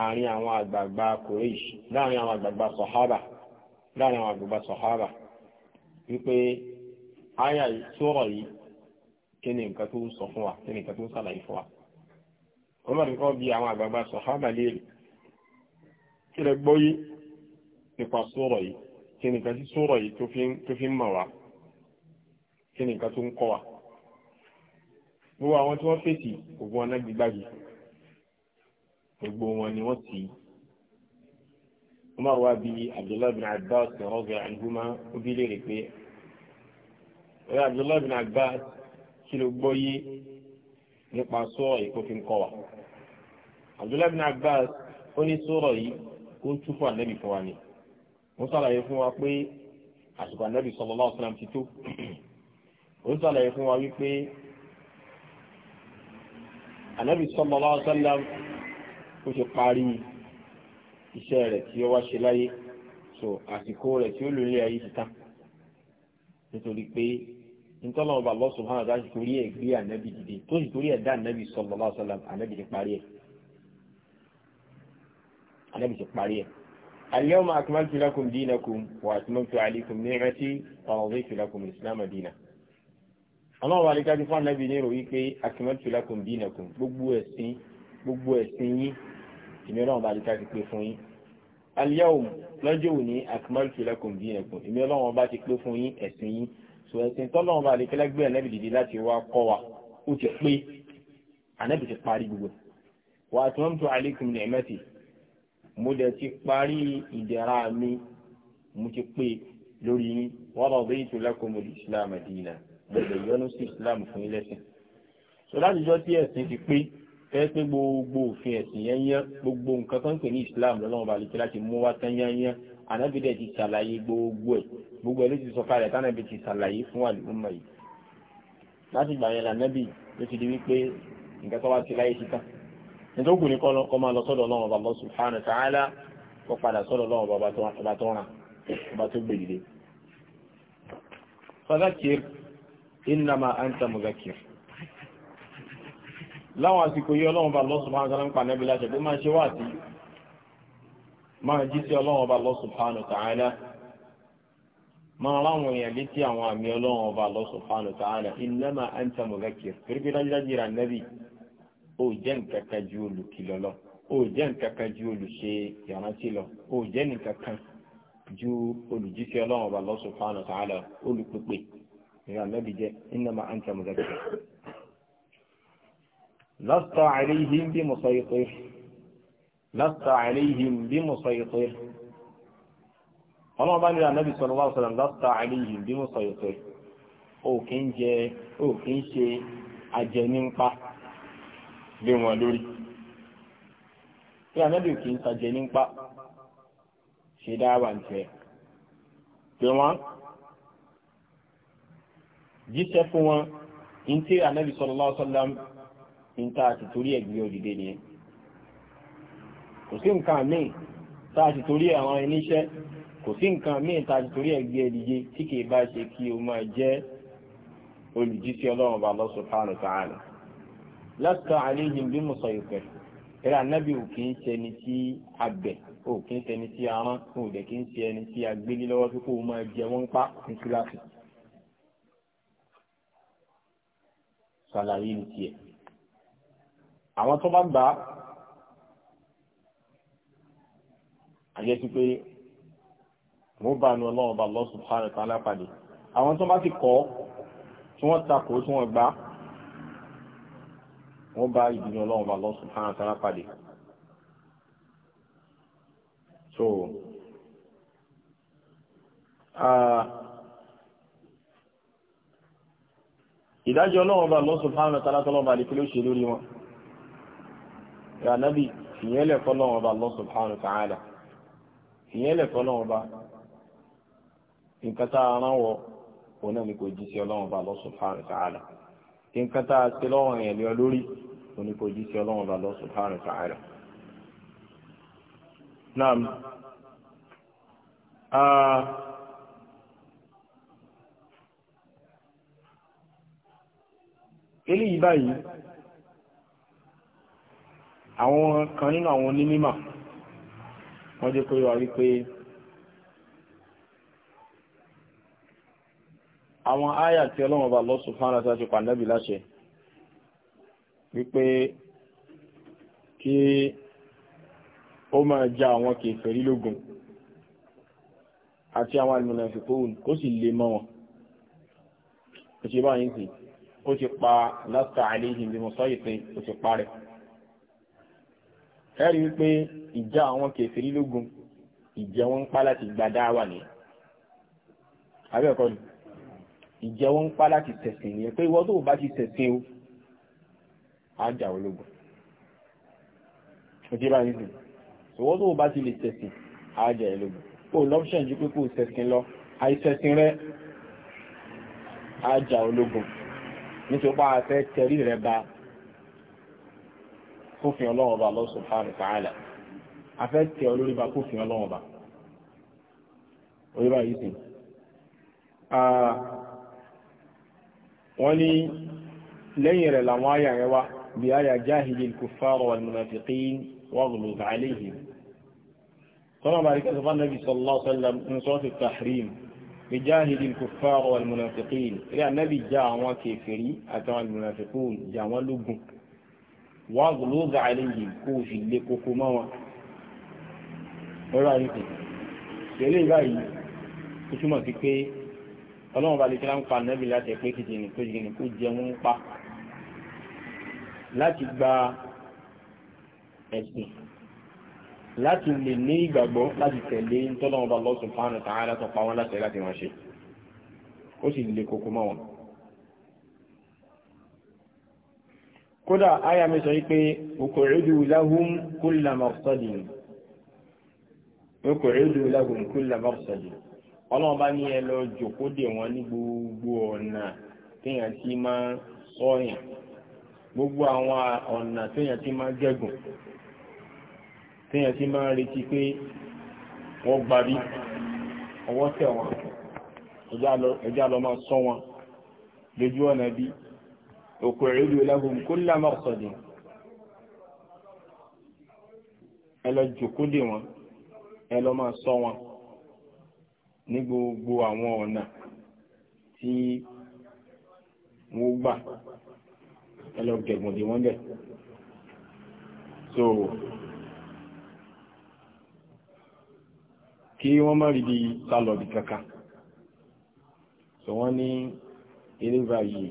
àárín àwọn àgbààgbà Quraysh láàárín àwọn àgbààgbà sọ̀hábà láàárín àwọn àgbààgbà sọ̀hábà wípé áyà sura yìí kí ni nǹkan tó sọ fún wa kí ni nǹkan tó sàlàyé fún wa Umar kọ́ bí àwọn àgbààgbà sàhábà léèrè kí lẹ gbọ́ yìí nípa sọ̀rọ̀ yìí kí ni nǹkan tí sọ̀rọ̀ yìí tó fi ń mọ̀ wá kí ni nǹkan tó ń kọ́ wa gbogbo àwọn tí wọ́n fèsì gbogbo wọn náà gbígbági gbogbo wọn ni wọ́n ti Umar wa bí Abdullahi bin Abbas radiyallahu anhuma ó bí léèrè pé Abdullahi bin Abbas kí ló gbọ́ yé nípa sọ́ọ̀ ìkófin kọ́ wa. Abdullahi bin Abbas ó ní sọ́rọ̀ yìí ó ń túfọ̀ ànábì fún wa ni. Wọ́n sàlàyé fún wa pé àsìkò ànábì sallallahu alaihi wasallam ti tó. Ó sàlàyé fún wa wípé ànábì sallallahu alaihi wasallam ó ṣe parí iṣẹ́ rẹ̀ tí ó wá ṣe láyé. So àsìkò rẹ̀ tí ó lò nílé ayé ti tán. Nítorí pé ntọ́lọ́ ọba Allah subhanahu wa ta'ala torí ẹ̀ gbé ànábì dìde tó sì torí ẹ̀ dá ànábì sallallahu alaihi wasallam ànábì ti parí ẹ̀ ànábì ti parí ẹ̀. al-yawma akmaltu lakum dinakum wa atmamtu alaykum ni'mati wa raditu lakum al-islam dinan. ọlọ́run àríkà ti fún ànábì ní ìròyìn pé akmaltu lakum dinakum gbogbo ẹ̀sìn gbogbo ẹ̀sìn yín ìmí ọlọ́run àríkà ti pé fún yín. al sọ ẹ̀sìn tọ́lọ́ ọba àlekẹ́lẹ́ gbé ànábì dìde láti wá kọ́ wa ó ti pé ànábì ti parí gbogbo wa atmamtu alaykum ni'mati mo dẹ̀ ti parí ìdẹ̀ra mi mo ti pé lórí yín wa raditu lakumul islam dina mo lè sí islam fún yín lẹ́sìn sọ láti jọ tí ẹ̀sìn ti pé fẹ́ẹ́ pé gbogbo òfin ẹ̀sìn yẹn yẹn gbogbo nǹkan tó ń pè ní islam lọ́lọ́run ànábì dẹ̀ ti ṣàlàyé gbogbo ẹ̀ gbogbo ẹ̀ ló ti sọ kalẹ̀ tánàbì ti ṣàlàyé fún àlùmọ̀ yìí láti yẹn lànàbì ló ti di wípé nǹkan tó wá ti láyé ti tán nítorí ní kọ́ máa lọ sọ́dọ̀ Ọlọ́run bàbá subhanahu wa kó padà sọ́dọ̀ Ọlọ́run bàbá tó ràn bàbá tó gbèdìde. fadakir innama anta mudakir láwọn àsìkò yìí Ọlọ́run bàbá subhanahu ń pa láṣẹ máa jí sí ọlọ́run ọba Allah subhanahu wa ta'ala máa ráwọn èèyàn létí àwọn àmì ọlọ́run ọba Allah subhanahu wa ta'ala innama anta mudhakkir pérépé dájúdájú ra nẹ́bì ó jẹ́ nǹkan kan ju olùkìlọ̀ lọ ó jẹ́ nǹkan kan ju olùṣe ìrántí lọ ó jẹ́ nǹkan kan ju olùjíṣẹ́ ọlọ́run ọba Allah subhanahu wa olùpèpè ìrà nẹ́bì jẹ́ innama anta mudhakkir lasta alayhim bi musaytir lásìkò àìlèyìn bí mo sọ ìpè ọlọ́run bá nílò ànábì sọ̀rọ̀ wá sọ̀rọ̀ lásìkò àìlèyìn bí mo sọ ìpè òkè ń jẹ òkè ń ṣe ajẹnípa lé wọn lórí pé ànábì òkè ń sajẹnípa ṣe dáwà ń tẹ pé wọn jíṣẹ́ fún wọn ní tí ànábì sọ̀rọ̀ lọ́sọ̀lá ń ta àtìtórí ẹ̀gbẹ́ òdìdé nìyẹn kò sí nǹkan míì tá a ti torí àwọn iníṣẹ́ kò sí nǹkan míì tá a ti torí ẹgbẹ́ ẹ̀díje tí kì í bá ṣe kí o máa jẹ́ olùjíṣẹ́ ọlọ́run bá Allah subhanahu wa ta'ala lasta alayhim bí mo sọ ìpẹ́ eré anábì ò kì í ṣe ẹni tí ò kì í ṣe ẹni tí ò dẹ̀ kì í ṣe ẹni tí a lọ́wọ́ pé kó o máa jẹ wọ́n pa ní kíláàsì. sàlàyé ní tiẹ̀ àwọn tó bá gbà á àjẹsí pé mo bá nu ọlọ́run bá Allah subhanahu wa ta'ala pàdé àwọn tó bá ti kọ́ tí wọ́n takò tí wọ́n gbá wọ́n bá ìdíni ọlọ́run bá Allah subhanahu wa ta'ala pàdé. so ìdájọ́ ọlọ́run bá Allah subhanahu wa ta'ala tọ́lọ́run bá lè fi ló ṣe lórí wọn. ìrànlẹ́bí ìyẹn lẹ̀kọ́ ọlọ́run bá Allah subhanahu wa ta'ala ìyẹn lẹ̀kọ́ ọlọ́run ọba nǹkan tá a rán wọ òun náà ni kò jí sí ọlọ́run ọba Allah subhanahu wa ta'ala nǹkan tá a ṣe lọ́rùn yẹn lé lórí òun ni kò jí sí ọlọ́run ọba Allah subhanahu wa naam eléyìí báyìí àwọn kan nínú àwọn onímọ̀ wọ́n jẹ́ kó yọ wípé àwọn áyà tí ọlọ́run ọba Allah subhanahu wa ta'ala ti pàǹdàbì láṣẹ wípé kí ó máa ja àwọn kèfèrí lógun àti àwọn al-munafiqun kó sì lè mọ́ wọn kò ṣe báyìí sí ó ti pa lasta alayhim bi musaytir ó ti parẹ́ ẹ̀rí wípé ìjà àwọn kèfèrí lógun ìjẹ wọn ń pa láti gba dáwà ni abẹ́ẹ̀kọ́ ni ìjẹ wọn ń pa láti tẹ̀sìn ni pé ìwọ tó bá ti tẹ̀sìn o á jà ọ lógun òjì bá nìsín ìwọ tó bá ti lè tẹ̀sìn á jà ẹ lógun kó o lọ́pṣọ̀n ju pé kó o tẹ̀sìn lọ àìtẹ̀sìn rẹ á jà ọ lógun nítorí pé a fẹ́ tẹ̀rí rẹ ba kófin ọlọ́wọ́ bá Allah subhanahu wa ta'ala afẹ́ tẹ ọ lórí ba kófin ọlọ́wọ́ bá orí bá yìí sìn. wọ́n ní lẹ́yìn rẹ̀ làwọn àyà rẹ̀ wá bí àyà jahidil kuffar wal munafiqin waghluz alayhim. صلى الله عليه وسلم النبي صلى الله عليه وسلم من صوت التحريم بجاهد الكفار والمنافقين إلى النبي جاء وكفري أتى المنافقون جاء ولبن wọ́n gbòlóògà àlejò kó o sì lé koko mọ́ wọn lọ́rọ̀ àyíkè tẹ̀lé ìbáyìí ó túmọ̀ sí pé ọlọ́run bá lè kí láǹpa nẹ́bí láti ẹ̀ pé kìtì ní kó jìnnì kó jẹun pa láti gba ẹ̀sìn láti lè ní ìgbàgbọ́ láti tẹ̀lé tọ́lọ́run bá Allah subhanahu wa ta'ala tó pa wọ́n láti ẹ̀ láti wọ́n ṣe ó sì lè koko mọ́ wọn. kódà àyà mi sọ wípé ukùrìdù lahum kulla mọ̀sọ́dìn ukùrìdù lahum kulla mọ̀sọ́dìn ọlọ́run bá ní ẹ lọ jòkó dè wọ́n ní gbogbo ọ̀nà téèyàn ti máa sọ́yìn gbogbo àwọn ọ̀nà téèyàn ti máa gẹ́gùn téèyàn ti máa retí pé wọ́n gbarí ọwọ́ tẹ̀ wọ́n ẹjá lọ máa sọ wọn lójú ọ̀nà bíi uq'idu lahum kulla marsadin ẹ lọ jòkó dè wọn ẹ lọ máa ṣọ́ wọn ní gbogbo àwọn ọ̀nà tí wọ́n so kí wọ́n má rí bí sálọ̀dì kankan so wọ́n ní eré báyìí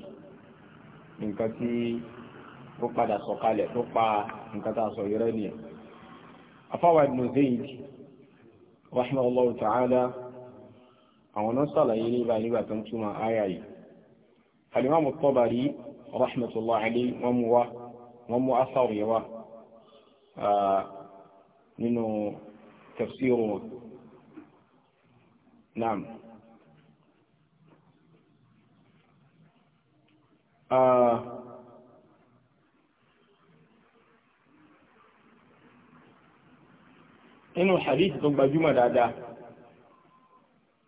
nǹkan tí ó padà sọ̀kalẹ̀ tó pa nǹkan tá a sọ yẹrẹ nìyẹn afáwa ibn Zayd rahimahullahu ta'ala àwọn náà sàlàyé nígbà nígbà tó ń túmọ̀ àyà yìí alimami Tabari rahmatullahi alayhi wọn mú wa wọn mú asáwò yẹn wa nínú tafsiru naam. Ah, nínú hadith tó gbajúmọ̀ dáadáa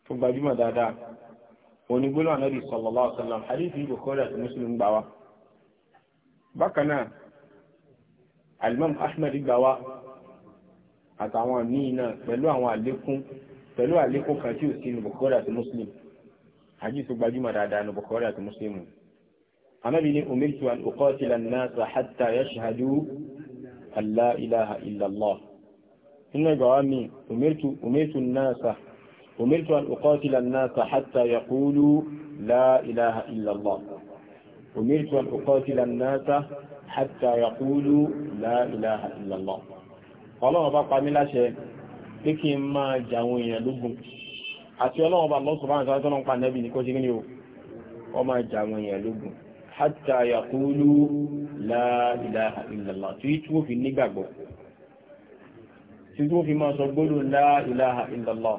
tó gbajúmọ̀ dáadáa òní gbólóhàn Ànábì sallallahu alaihi wasallam hadith yìí Bukhari àti Muslim gbà wá bákan náà alimam Ahmad gbà wá àtàwọn míì náà pẹ̀lú àwọn àlékún pẹ̀lú àlékún kan tí ò sí ní Bukhari àti Muslim hadith tó gbajúmọ̀ dáadáa ní Bukhari àti Muslim anábì ní umirtu an uqatila an-nasa hatta yashhadu an la ilaha illallah nínú ìgbà wa mi umirtu umirtu an-nasa umirtu an uqatila an-nasa hatta yaqulu la ilaha illallah umirtu an uqatila an-nasa hatta yaqulu la ilaha illallah ọlọ́run bá pa mí láṣẹ pé kí n máa jàwọn èèyàn lógun àti ọlọ́run bá lọ́sùn bá ń sáré tọ́nà pa nẹ́bì ní kó ṣe kí ni o ọ máa jàwọn èèyàn hatta yaqulu la ilaha illallah tí tí ó fi nígbàgbọ́ tí tí ó fi máa sọ gbólù la ilaha illallah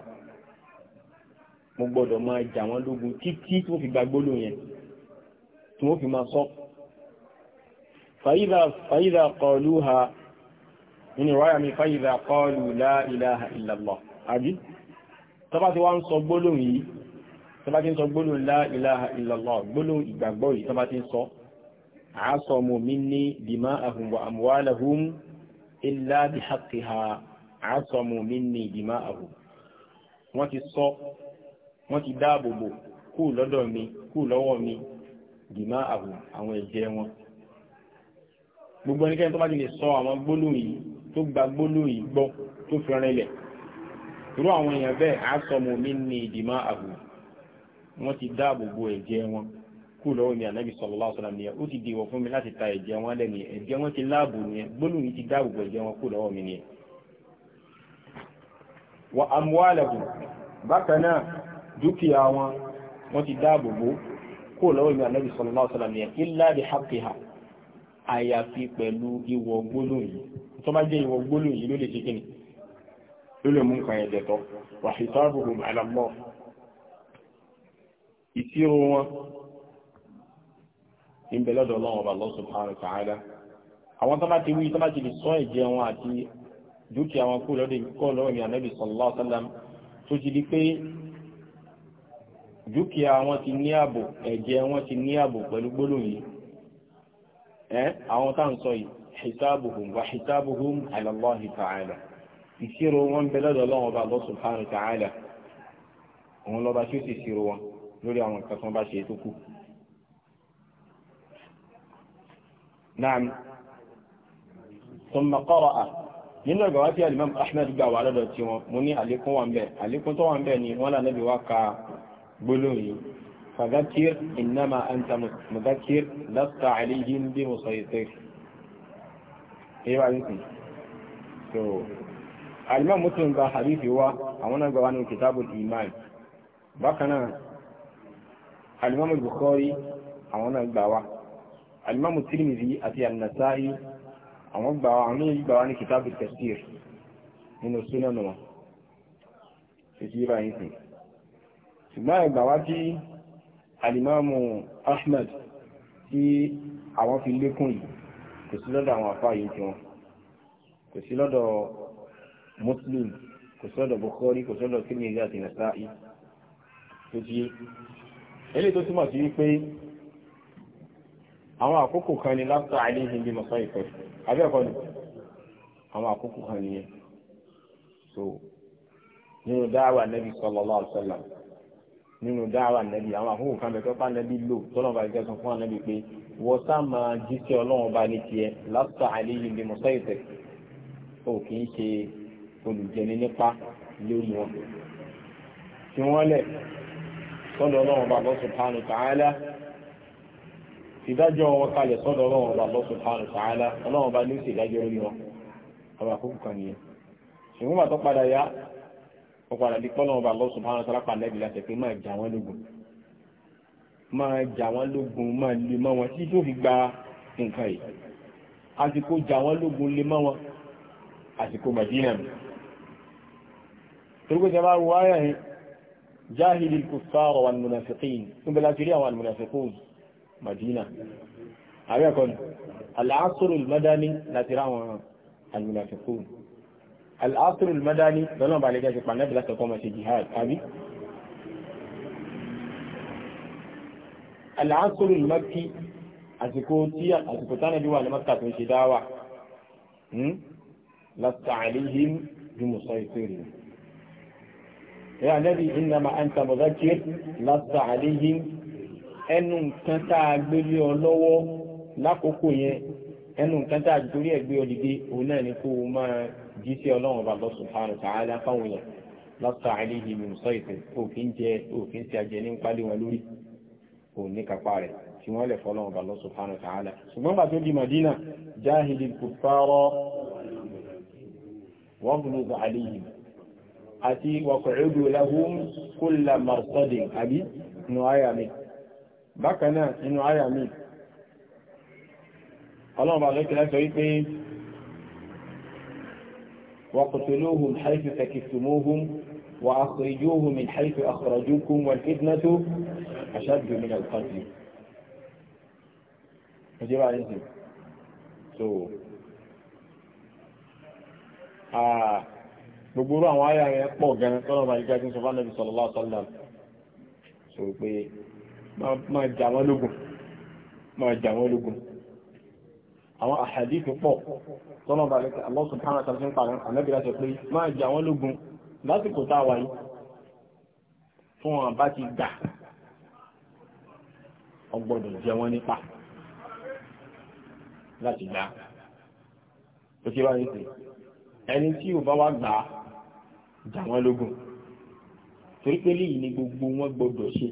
mo gbọ́dọ̀ máa jà wọ́n lógun títí tí ó fi gba gbólù yẹn tí ó fi máa sọ fàyídà qaluha nínú ìwáyà mi fàyídà qalu la ilaha illallah àbí tọ́bá ti wá ń sọ gbólù yìí tó bá ti ń sọ gbólóhùn la ilaha illallah gbólóhùn ìgbàgbọ́ yìí tó bá ti ń sọ àásọmù minni dima'ahum wa amwalahum illa bihaqqiha àásọmù minni dima'ahum wọ́n ti sọ wọ́n ti dáàbòbò kú lọ́dọ̀ mi kú lọ́wọ́ mi dìmá àbò àwọn ẹ̀jẹ̀ wọn gbogbo ẹnikẹ́ni tó ti lè sọ àwọn gbólóhùn yìí tó gba gbólóhùn yìí gbọ́ tó fi rìn lẹ̀ àwọn èèyàn bẹ́ẹ̀ àásọmù mi ní ìdìmá àbò wọ́n ti dáàbò bo ẹ̀jẹ̀ wọn kú lọ́wọ́ mi ànábì sallallahu alaihi wasallam nìyẹn ó ti dìwọ̀ fún mi láti ta ẹ̀jẹ̀ wọn lẹ́nu yẹn ẹ̀jẹ̀ wọn ti láàbò nìyẹn gbólóhùn yìí ti dáàbò bo ẹ̀jẹ̀ wọn kú lọ́wọ́ mi nìyẹn. wa amwalahum bákan náà dúkìá wọn wọ́n ti dáàbò bo kú lọ́wọ́ mi ànábì sallallahu alaihi wasallam nìyẹn illa bi haqqiha àyàfi pẹ̀lú ìwọ̀ gbólóhùn yìí tó bá jẹ́ ìwọ̀ gbólóhùn yìí ló lè ìṣirò wọn ìbẹ̀lọ́dọ̀ ọlọ́run ọba Allah subhanahu wa ta'ala àwọn tó bá ti wí tó bá ti lè sọ ẹ̀jẹ̀ wọn àti dúkìá wọn kú lọ́dọ̀ ìkọ́ lọ́wọ́ ní anábì sallallahu alaihi wasallam tó ti di pé dúkìá wọn ti ní ààbò ẹ̀jẹ̀ wọn ti ní ààbò pẹ̀lú gbólóhùn yìí ẹ́ àwọn tá à ń sọ yìí hisabuhum wa hisabuhum ala Allah ta'ala ìṣirò wọn bẹ̀lọ́dọ̀ ọlọ́run ọba Allah subhanahu wa òun lọ́ba tí ó sì ṣirò wọn lórí àwọn nǹkan tó ń bá ṣe tó kù. Naam, thumma qara'a nínú ẹgbẹ̀ wá tí alimam Ahmed gbà wà lọ́dọ̀ tí wọn mo ní àlékún wà ń bẹ̀ àlékún tó wà ń bẹ̀ ni wọ́n là níbi wá ka gbólóhùn yìí fadakir innama anta mudakir lasta alayhim bi musaytir èyí wà nísìn so alimam Muslim gba hadithi wa àwọn náà gbà wá ní iman bákan náà alimami bukhari àwọn náà gbà wá alimami tirimizi àti anasai àwọn gbà wá àwọn méjì gbà wá ní kitabu tafsir nínú sunan wọn títí yíba yín sí ṣùgbọ́n ẹgbà wá tí alimami ahmed tí àwọn fi lékún yìí kò sí lọ́dọ̀ àwọn afá yìí tiwọn kò sí lọ́dọ̀ muslim kò sí lọ́dọ̀ bukhari kò sí lọ́dọ̀ tirimizi àti anasai ilé tó túmọ̀ sí wípé àwọn àkókò kan ni láptọ̀ àìlèyìn bí mọ̀sán ìfẹ́ abẹ́ẹ̀kọ́ ni àwọn àkókò kan nìyẹn so nínú dáwà nẹ́bí sallallahu alaihi wasallam nínú dáwà nẹ́bí àwọn àkókò kan bẹ̀tọ́ pa nẹ́bí lò tọ́lọ́ba ìjẹ́ sọ fún ànẹ́bí pé wọ́n sá máa jíṣẹ́ ọlọ́run bá ní tiẹ̀ láptọ̀ àìlèyìn bí mọ̀sán ìfẹ́ o kì í ṣe olùjẹni nípa lórí wọn tí wọ́n lẹ̀ sọ́dọ̀ ọlọ́run bá Allah subhanahu wa ta'ala ìdájọ́ wọn kalẹ̀ sọ́dọ̀ ọlọ́run bá Allah subhanahu wa ta'ala ọlọ́run bá ní ìṣèdájọ́ orí wọn ọ̀rọ̀ àkókò kan nìyẹn ṣùgbọ́n bàtọ́ padà yá wọ́n padà di pọ́lọ́run bá Allah subhanahu wa ta'ala padà bí pé máa jà wọ́n lógun máa jà wọ́n lógun máa lè mọ́ wọn tí tó fi gba nǹkan yìí àsìkò jà wọ́n lógun lè mọ́ wọn àsìkò Màdínà mi torí pé jahili kufar wa munafiqin níbo la ti rí àwọn munafiqun madina àbẹ́ ẹ̀kọ́ ni al'asrul madani la ti rí àwọn munafiqun al'asrul madani lọ́nà bá lè jẹ́ pàdé láti ọkọ̀ mọ̀ sí jihad àbí al'asrul makki àsìkò tí àsìkò tánàbí wà ní makka tó ń ṣe dáwà lasta alihim bí musayitirin يا نبي innama anta mudhakkir lasta عليهم ẹnu nǹkan tá a gbé lé ọ lọ́wọ́ lákòókò yẹn ẹnu nǹkan tá a torí ẹ̀ gbé ọ dìde òun náà ni kó o máa jí sí ọlọ́run ọba Allah subhanahu wa ta'ala fáwọn yẹn lasta alayhim min musaytir òfin jẹ òfin ti ajẹ ní pálí wọn lórí òun ní kápá rẹ̀ tí wọ́n lè fọ́lọ́run ọba Allah subhanahu wa ta'ala ṣùgbọ́n bàtó di Madina jahidil kuffara wọ́n gbọ́dọ̀ àti wàkùnrin lahum kulla marsadin àbí inú àyà mi bákan náà inú àyà mi ọlọ́run bá lọ́kẹ́ láti rí pé waqtuluhum haythu sakiftumuhum wa akhrijuhum min haythu akhrajukum wal fitnatu ashaddu min al-qatl ẹjẹ́ bá Uh, ah, gbogbo irú àwọn àyà yẹn pọ̀ gan tọ́nà bá yíká tí ń sọ fánàbí sallallahu alaihi wasallam sọ pé máa jà wọ́n lógun máa jà wọ́n lógun àwọn àhàdíìsì pọ̀ tọ́nà bá yíká Allah subhanahu wa ta'ala tí ń parí ànábì láti pé máa jà wọ́n lógun lásìkò tá a wà yìí fún wọn bá ti gbà ó jẹ wọ́n nípa láti gbà ó ti wá ní sè ẹni tí ò bá wá gbà á jà wọ́n lógún torí pé léyìí ni gbogbo wọn gbọdọ̀ ṣe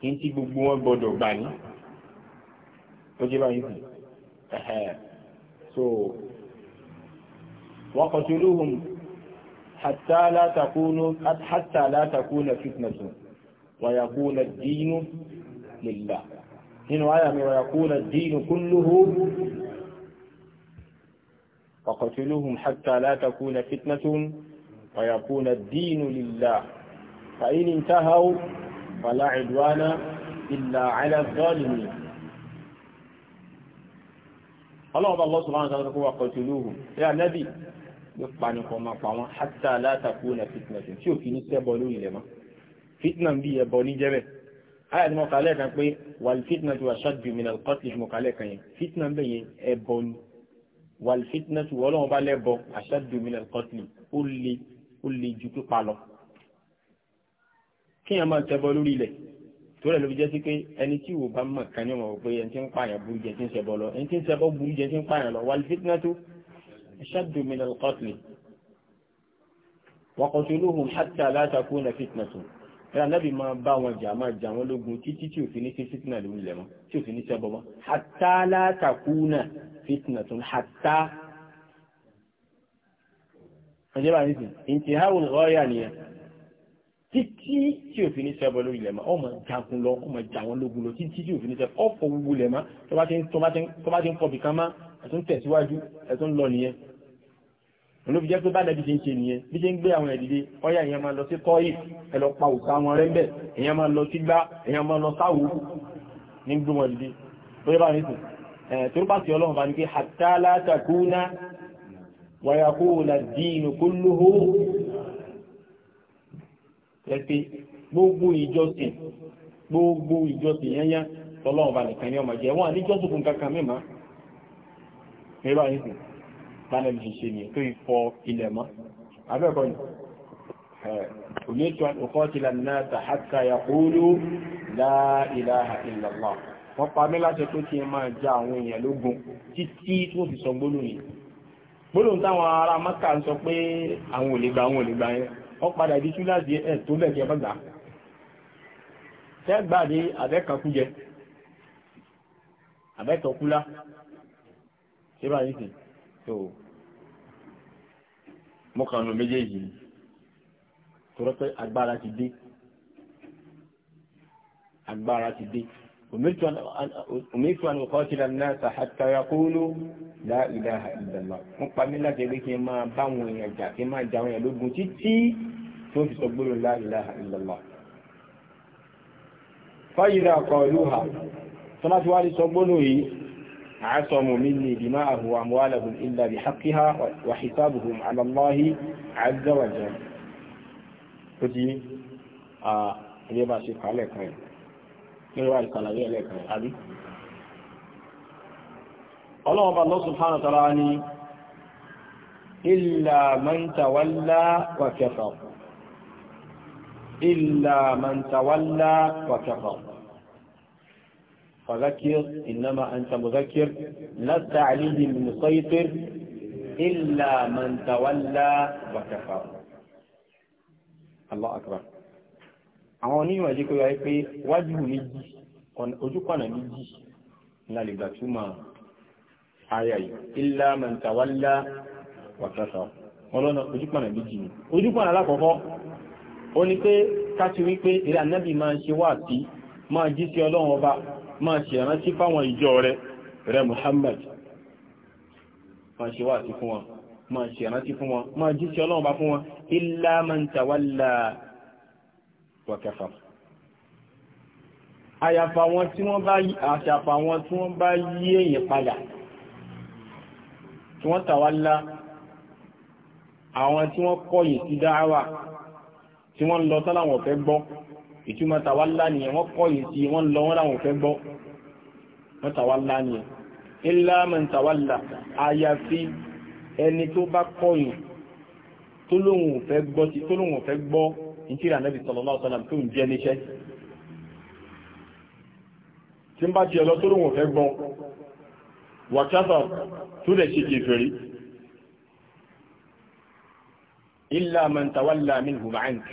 kí n ti gbogbo wọn gbọdọ̀ gbà ní ó jẹ́ báyìí sí so wọ́n kọ̀ tó lóhùn hatta la takunu hatta la takuna fitnatun wa yakuna ad-dinu lillah nínú àyàmì wa yakuna ad فقتلوهم حتى لا تكون فتنة ويكون الدين لله فإن انتهوا فلا عدوان إلا على الظالمين الله الله سبحانه وتعالى وقتلوهم يا نبي يقبعنكم مقاما حتى لا تكون فتنة شوف نسيبولوا لما فتنة بي بولي جبه هذا ni كان kalẹ̀ والفتنة أشد من القتل wà كان mi náà kọ́tìlì wàlfitna tí wọ́n bá lẹ́bọ aṣáájú mi náà kọ́tìlì ó le ó le ju pípa lọ. kíyàn máa ṣẹbọ lórí ilẹ̀ tó rẹ̀ ló fi jẹ́ sí pé ẹni tí ìwò bá mọ̀ kan ní ọmọ pé ẹni tí ń pààyàn burú jẹ tí ń ṣẹbọ lọ ẹni tí ń ṣẹbọ burú jẹ tí ń pààyàn lọ wàlfitna tó aṣáájú mi náà kọ́tìlì. lóhùn hàtà látàkùn náà fitna tó ẹ̀rọ anábì máa bá wọn jà máa jà wọn lógun títí tí òfin ní sí fitna lórí ilẹ̀ mọ́ tí òfin ní sẹ́bọ̀ mọ́ hatta la takuna fitna tún hatta. ọjọ́ bá ní sìn intihawul ghaya nìyẹn títí tí òfin ní sẹ́bọ̀ lórí ilẹ̀ mọ́ ọmọ jagun lọ ọmọ jà wọn lógun lọ títí tí òfin ní sẹ́bọ̀ ọ̀fọ̀ gbogbo ilẹ̀ mọ́ tó bá ti ń kọ́ bìkan mọ́ ẹ̀tún tẹ̀síwájú ẹ̀tún lọ nìyẹn olóbi jẹ́ pé bá dàbí ṣe ń ṣe nìyẹn bí ṣe ń gbé àwọn ẹ̀dìdẹ ọyá èèyàn máa lọ sí kọ́ì ẹ lọ pa òkà wọn rẹ́ ńbẹ̀ èèyàn máa lọ sí gbá èèyàn máa lọ sáwò ní gbé wọn bóyá bá nìsín ẹ̀ ọlọ́run bá ní pé hatta la takuna wa lánàá fi ṣe nìyẹn tó ìfọ ilẹ̀ mọ́ abẹ́ẹ̀kọ́ ni òmìnira òkọ́tìlà náà tàhátà yaqulu la ilaha illallah wọ́n pa mí láṣẹ tó ti máa já àwọn èèyàn lógun títí tí wọ́n fi sọ gbólóhùn yìí gbólóhùn táwọn ará Mákà ń sọ pé àwọn ò lè gba àwọn ò yẹn wọ́n padà di tú láti ẹ̀ tó bẹ̀ kí ẹ bá gbà tẹ́ gbàdé ṣé bá yìí sì mọ́kànlú méjèèjì ni tọ́rọ pé agbára ti dé agbára ti dé òmìtú àwọn ọkọ̀ ti ràn náà sàhátà yaqulu la ilaha illallah wọ́n pa mí láti ẹgbẹ́ kí n máa bá wọn èèyàn jà kí n máa jà wọn èèyàn lógun títí tó fi sọ gbólóhùn la ilaha illallah fa idha qaluha tọ́lá ti wá rí sọ gbólóhùn yìí عصموا مني دماءهم وأموالهم إلا بحقها وحسابهم على الله عز وجل فتي ilé bá ṣe kàálẹ̀ kan ẹ̀ lórí ìkàlàyé ẹlẹ́kan ẹ̀ àbí ọlọ́wọ́ bá lọ́sù fánà tọ́lá ní ìlà mẹ́ntàwálá wàkẹfà ìlà mẹ́ntàwálá wàkẹfà فذكر إنما أنت مذكر لست عليهم مسيطر إلا من تولى وكفر الله أكبر àwọn onímọ̀ ẹ̀jẹ̀ kó yọrí pé wájú méjì ojúkọ̀nà méjì lálẹ́gbà túmọ̀ ayà yìí illa man tawalla wa kafar ọlọ́nà ojúkọ̀nà méjì ni ojúkọ̀nà alákọ̀ọ́kọ́ ó ní pé ká ti wí pé eré anábì máa ń ṣe wáàtí máa jí sí ọlọ́run ọba máa ṣe ìrántí fáwọn ìjọ rẹ rẹ Muhammad máa ṣe wá sí fún wọn máa ṣe ìrántí fún wọn máa jí sí ọlọ́run bá fún wọn illa man tawalla wa kafar àyàfà wọn tí wọ́n bá àṣàfà wọn tí wọ́n bá yí èyàn padà tí wọ́n tàwálá lọ sọ́láwọ̀n fẹ́ gbọ́ ìtumọ̀ tàwálá ni wọ́n kọ̀yìn sí wọ́n lọ wọ́n láwọn fẹ́ gbọ́ wọ́n tàwálá ni illa man tàwálá àyàfi ẹni tó bá kọ̀yìn tó lóhun ò fẹ́ gbọ́ ti tó lóhun ò fẹ́ gbọ́ ìtìrà nẹ́bì sallallahu tí tó lóhun ò gbọ́ wàkátà illa man tàwálá minhum anka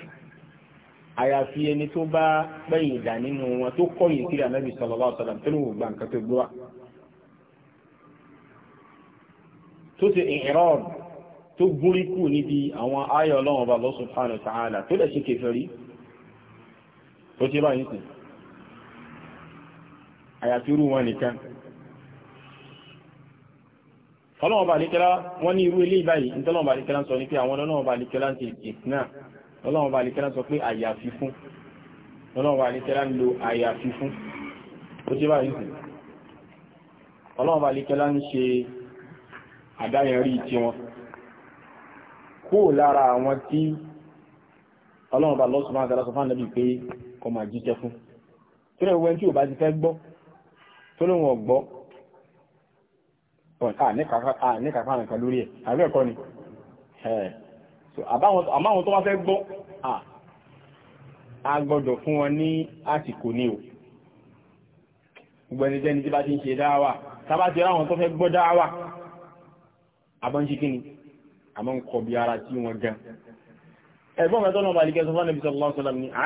àyàfi ẹni tó bá pẹ̀yìn ìdá nínú wọn tó kọ̀yìn sí ànábì sallallahu alaihi wasallam tó lóun gba nǹkan tó gbé wá. tó ṣe ìrọ́ọ̀d tó gúnrí kù níbi àwọn ayọ̀ ọlọ́run ọba Allah subhanahu wa ta'ala tó lẹ̀ ṣe kèfèrí tó ṣe báyìí sí àyàfi irú wọn nìkan ọlọ́run ọba àdékẹ́lá wọ́n ní irú ilé ìbáyìí ní ọba àdékẹ́lá sọ ní pé àwọn ọlọ́run ọba àdékẹ́lá ti ìsìn ọlọ́run bá nìkẹ́lá sọ pé àyàfi fún ọlọ́run bá nìkẹ́lá ń lo àyàfi fún ó ṣe báyìí sí ọlọ́run bá nìkẹ́lá ń ṣe àdáyẹrí tí wọn kó lára àwọn tí ọlọ́run bá lọ́sùn máa tẹ́lá sọ fún ànábì pé kó máa jíṣẹ́ fún tó lè wẹ́n tí ò bá ti fẹ́ gbọ́ tó lóun ọ̀gbọ́ àníkàfà nǹkan lórí ẹ̀ àbẹ́ẹ̀kọ́ ni àmáwọn tó wá fẹ́ gbọ́ a gbọ́dọ̀ fún wọn ní àsìkò ní o gbẹ̀nìjẹ́ni tí bá ti ń ṣe dáwà tàbá ti ráwọn tó fẹ́ gbọ́ dáwà àbọ́n ṣe kíni àmọ́ ń kọ̀ bí ara tí wọ́n gan ẹ̀gbọ́n mẹ́tọ́ náà balẹ̀ kẹsàn-án nàbí sallallahu alaihi wasallam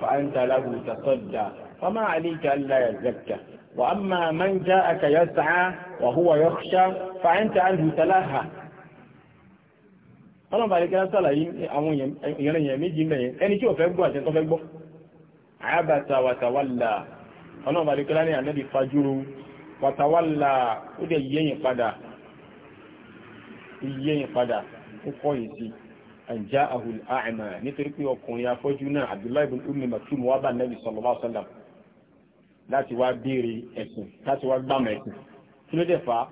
فأنت له تصدى فما عليك ألا يزكى وأما من جاءك يسعى وهو يخشى فأنت عنه تلاهى ọlọ́run bá lẹ́gẹ́rẹ́ sàlàyé àwọn ìrìnyàn méjì mẹ́yẹn ẹni tí ò fẹ́ gbọ́ àti ẹ̀tọ́ fẹ́ gbọ́ àyàbàtà wàtàwàlà ọlọ́run bá lẹ́gẹ́rẹ́ ní ànẹ́bì fajúrú wàtàwàlà ó dẹ̀ yẹ́yìn padà ó kọ́ yìí sí àjá àhùl àìmà nítorí pé ọkùnrin afọ́jú náà abdullahi ibn ummi maktum wa bá nabi sallallahu alaihi wasallam láti wá béèrè ẹ̀sìn láti wá gbàmọ̀ ẹ̀sìn kí ló dé fa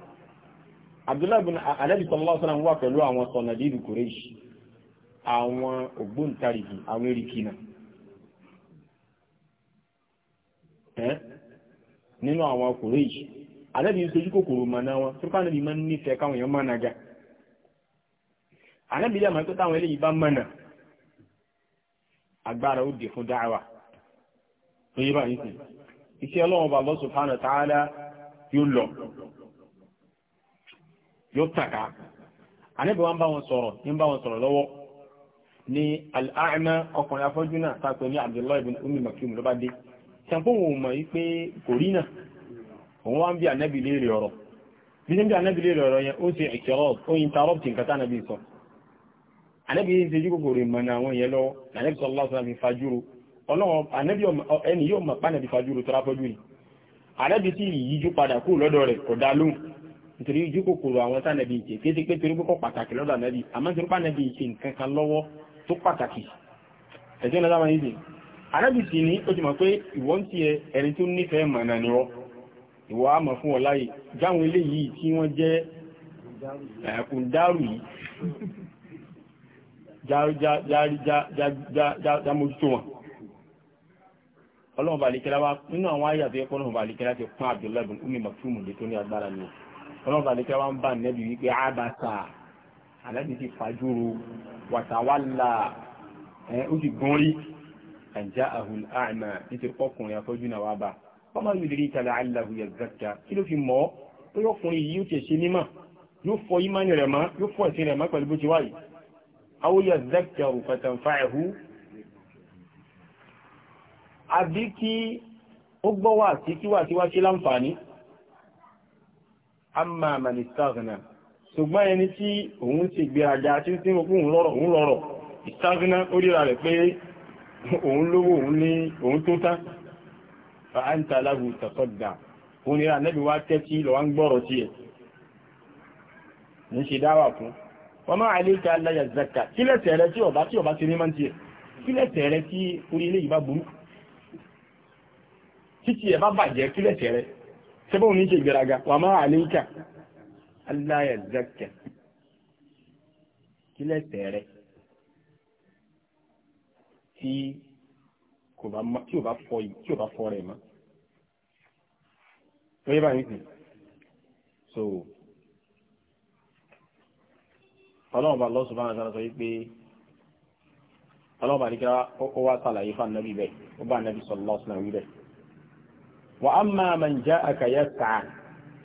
abdullahi ibn anabi sallallahu alaihi wasallam wà pẹ̀lú àwọn àwọn ògbóǹtarìgì àwọn nínú àwọn anabi ànábìlẹ̀ àmọ́ pé táwọn eléyìí bá mọ̀nà agbára ó dè fún dáwà tó yé báyìí sí iṣẹ́ ọlọ́run bá Allah subhanahu wa ta'ala yóò lọ yóò tàkà ànábì wọn bá wọn sọ̀rọ̀ ní bá wọn sọ̀rọ̀ lọ́wọ́ ní al-a'ma ọkùnrin afọ́jú náà tàpẹ́ ní Abdullahi ibn Ummi Maktum ló bá dé ṣàpọ̀wò mọ̀ wípé kò rí náà òun wá ń bí ànábì léèrè ọ̀rọ̀ bí ní bí ànábì léèrè ọ̀rọ̀ yẹn ó ṣe ìṣẹ́rọ̀ ànábì yìí ń sejú gbogbo rẹ̀ mọ̀nà àwọn yẹn lọ́wọ́ ànábì sallallahu alaihi wasallam fi fajúro ọlọ́wọ́n ànábì ẹni yóò mọ̀ pánàbì fajúro tọ́ra fọ́jú yìí ànábì tí yíjú padà kú lọ́dọ̀ rẹ̀ kò dá lóhùn nítorí yíjú kòkòrò àwọn tánàbì ìṣe kété pé torí kókó pàtàkì lọ́dọ̀ ànábì àmọ́ torí pánàbì ìṣe nǹkan kan lọ́wọ́ tó pàtàkì ẹ̀jẹ̀ náà dáwọn yìí ànábì sì ní ó ti mọ̀ pé ìwọ́n ti ẹ ẹni tó nífẹ̀ẹ́ mọ̀nà ni wọ́n ìwọ́ á mọ̀ fún ọ láyè jáwọn eléyìí tí wọ́n jẹ́ ẹ̀kùn dárù yìí jámójútó wọn ọlọ́run balikẹ́lá wa nínú àwọn àyà tó yẹ kọ́ ọlọ́run balikẹ́lá ti pọ́n Abdullahi bin Ummi Maktum lè tó ní agbára ni ọlọ́run balikẹ́lá wa ń bá nẹ́bi wípé abasa aláàbí ti fàjúrò wàtàwálà ẹ̀ ó ti gún rí àjá àhùn àmà nítorí ọkùnrin afọ́jú náà wà bá ọmọ yóò dirí ìtàlẹ̀ aláhùn yẹ zaka kí ló fi mọ́ ó yọkùnrin yìí ó ti ṣe mímọ́ yóò fọ aw yadhakkaru fatanfa'ahu àbí kí ó gbọ́ wà sí kí wà sí wá sí láǹfààní amma man istaghna ṣùgbọ́n ẹni tí òun ti gbé àjá tí tí mo kún lọ́rọ̀ òun lọ́rọ̀ istaghna ó ríra rẹ̀ pé òun lówó òun ní òun tó tán fa anta lahu tasadda òun ni ànẹ́bí wá tẹ́tí lọ́wọ́ ń gbọ́rọ̀ sí ní ṣe dáwà fún wọ́n máa àìlẹ́kà aláyà zaka kílẹ̀ tẹ̀rẹ tí ọba tí ọba ti rí máa ń tiẹ̀ kílẹ̀ tẹ̀rẹ tí orí ilé ìbá burú títí ẹ̀ bá bàjẹ́ kílẹ̀ tẹ̀rẹ sẹ́bọ̀ ní ṣe ìgbéraga wọ́n máa àìlẹ́kà aláyà zaka kílẹ̀ tẹ̀rẹ tí ọba fọ́ rẹ̀ mọ́. Wọ́n yẹ́ bá ní ọlọ́run bá lọ́sùn bá nàìjíríà sọ wípé ọlọ́run bá ní kíra ó wá sàlàyé fún ànábì bẹ́ẹ̀ ó bá ànábì sọ lọ́sùn náà wí bẹ́ẹ̀. wà á máa mà ń já àkàyẹ sàá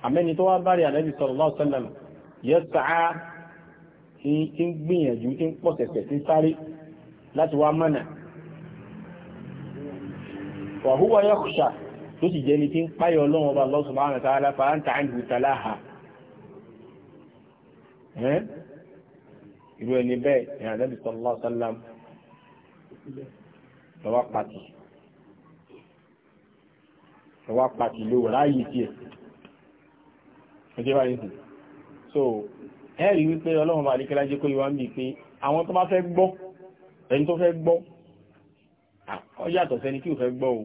àmẹ́ni tó wá bá rí ànábì sọ lọ́sùn sẹ́lẹ̀m yẹ sàá tí ń gbìyànjú tí ń pọ̀sẹ̀sẹ̀ tí ń sáré láti wá mọ̀nà. wà húwa yẹ kùsà tó sì jẹ́ ni tí ń páyọ̀ ọlọ́run ọba lọ́sùn bá nàìjíríà irú ẹni bẹ́ẹ̀ ni ànábì sallallahu alaihi wasallam lọ́wọ́ pàtì lọ́wọ́ pàtì ló wà láàyè báyìí sì so ẹ̀rí wípé ọlọ́run bá àdékẹ́lá jẹ́ kó ìwà ń bì pé àwọn tó bá fẹ́ gbọ́ ẹni tó fẹ́ gbọ́ ó yàtọ̀ sẹ́ni tí ò fẹ́ gbọ́ o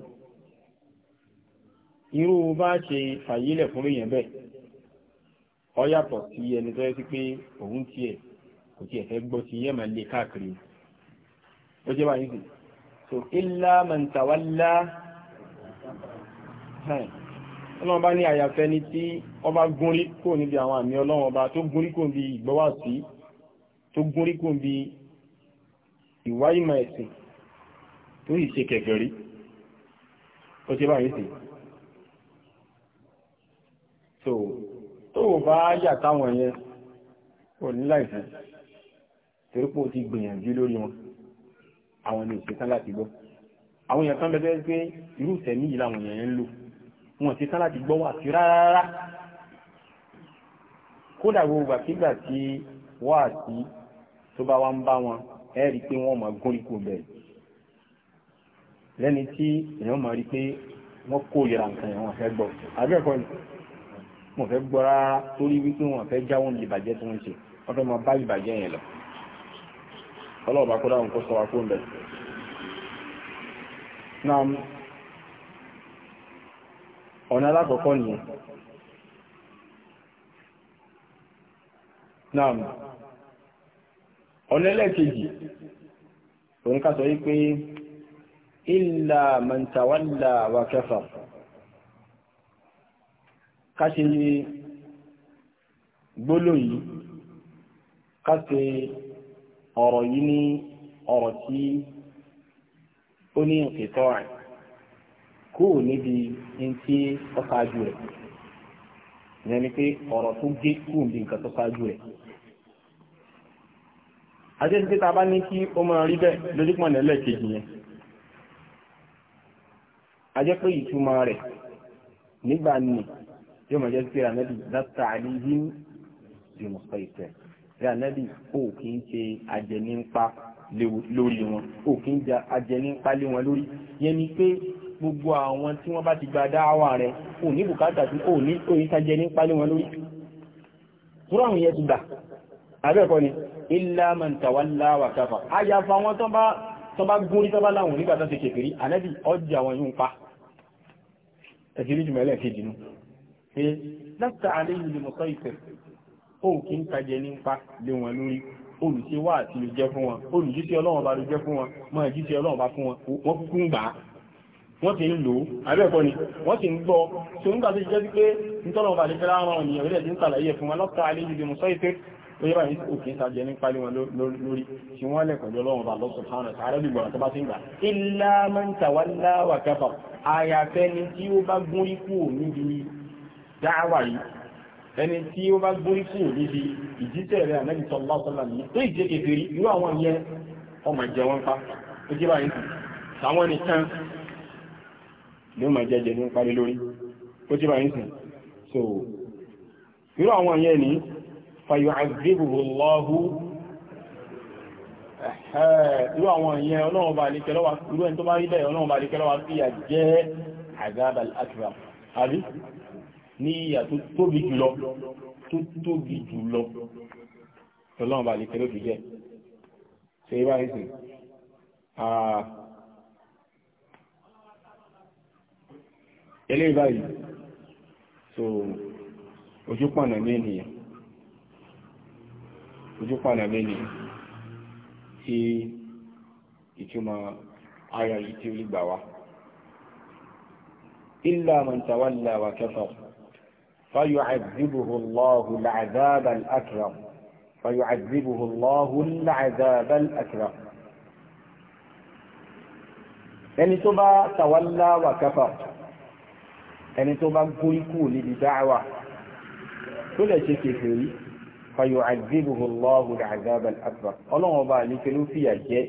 irú bá ṣe kò tí ẹ̀fẹ́ gbọ́ ti yẹ́ máa lè káàkiri ó jẹ́ báyìí sí so illa man tawalla ọlọ́run bá ní àyàfẹ́ ni tí ọba gúnrí kò níbi àwọn àmì ọlọ́run ọba tó gúnrí kò níbi ìgbọ́wà sí tó gúnrí kò níbi ìwá ìmọ̀ ẹ̀sìn tó yìí ṣe kẹfẹ́ rí ó ti báyìí sí so tó bá yà táwọn yẹn ò ní láìsí torí pé o ti gbìyànjú lórí wọn àwọn ni òṣèṣán láti gbọ́ àwọn èèyàn kan bẹ́ẹ̀ pé irú ìsẹ̀mí yìí làwọn èèyàn ń lò wọn ti tán láti gbọ́ wà sí rárá kódà gbogbo àkígbà tí wà sí tó bá wá ń bá wọn ẹ rí i pé wọ́n máa gún ikú bẹ̀rẹ̀ lẹ́ni tí èèyàn máa rí pé wọ́n kó ìlera nǹkan yẹn wọ́n fẹ́ gbọ́ abẹ́ẹ̀kọ́ ni wọ́n fẹ́ gbọ́ rárá torí wípé wọ́n fẹ́ jáwọ́ ní ìbàjẹ́ tí wọ́n ṣe wọ́n fẹ́ máa bá ìbàjẹ́ yẹn lọ ọlọ́ọ̀bá kó dáhùn kó sọ wá fún bẹ̀. na ọ̀nà alákọ̀ọ́kọ́ nìyẹn na ọ̀nà ẹlẹ́ẹ̀kejì òun ká sọ wípé ìlà mọ̀ntàwálà wà kẹfà ká ṣe gbólóyìí ká ṣe ọ̀rọ̀ yìí ní ọ̀rọ̀ tí ó ní òkètọ́ rẹ̀ kó o níbi ntí ọ̀ṣáájú rẹ̀ ìyẹn ni pé ọ̀rọ̀ tó gé kó o níbi nǹkan tó ṣáájú rẹ̀. àjẹsí pé tá a bá ní kí ó máa rí bẹ́ẹ̀ lójúpọ̀ nílẹ̀ kejì yẹn ajẹ́ pé ìtumọ̀ rẹ̀ nígbà ní yóò máa jẹ́ pé ànábì dáta àlíyí bí mo rẹ ànábì ó kì í ṣe ajẹnipa lórí wọn ó kì í ṣe ajẹnipa lé wọn lórí yẹn ni pé gbogbo àwọn tí wọ́n bá ti gba dáwà rẹ ò ní bùkátà tí ò ní òyìn sájẹ nípa lé wọn lórí túrọ̀ àwọn yẹn ti gbà abẹ́ẹ̀kọ́ ni illa man tawalla wa kafa àyàfà wọn tó bá gúnrí tó bá láwọn nígbà tó ti kèfèrí ànábì ọjà wọn yóò pa ẹ̀sìn rí ẹlẹ́ẹ̀kejì nú pé láti òun kì ń tajẹ nípa lé wọn lórí olùṣe wà àti lè jẹ fún wọn olùjíṣẹ́ ọlọ́run bá lè jẹ fún wọn mọ ìjíṣẹ́ ọlọ́run bá fún wọn wọ́n kúkú ń gbà á wọ́n ti ń lò ó àbẹ́ẹ̀kọ́ ni wọ́n ti ń gbọ́ tí ó ń gbà tó jẹ́ sí pé nítọ́lọ́run bá lè fẹ́ ẹni tí ó bá gbórí kù níbi ìjísẹ̀ rẹ̀ ànábì sallallahu alaihi wasallam ní tó ìjẹ́ kékeré irú àwọn yẹn ọmọ jẹ wọn pa ó jẹ́ báyìí sàwọn nìkan ló máa jẹ́ jẹ́ ló parí lórí ó jẹ́ báyìí sùn so irú àwọn yẹn ni fayu'adhibuhu Allahu irú àwọn ìyẹn ọlọ́run bá àríkẹ́ lọ́wà irú ẹni tó bá rí bẹ́ẹ̀ ọlọ́run bá àríkẹ́ lọ́wà sí àjẹ́ àzábàl akbar àbí ní ìyà tó tóbi jùlọ tó tóbi jùlọ tọ́lọ́wọ́n bá lè kẹ́lẹ́ òfin jẹ́ ṣe é báyìí sìn eléyìí báyìí so ojúpọ̀nà mẹ́nìyàn ojúpọ̀nà mẹ́nìyàn tí ìtumọ̀ ayọ̀ yìí tí ó lè gbà wá illa man tawalla wa فيعذبه الله العذاب الأكرم فيعذبه الله العذاب الأكرم ẹni tó bá tàwálá wà káfà ẹni tó bá gúrí kú níbi dáwà tó lè ṣe kèfèrí fayọ̀ àgbébùhù lọ́wọ́ àgbàbà àgbà ọlọ́wọ́n bá ní kẹlú fìyà jẹ́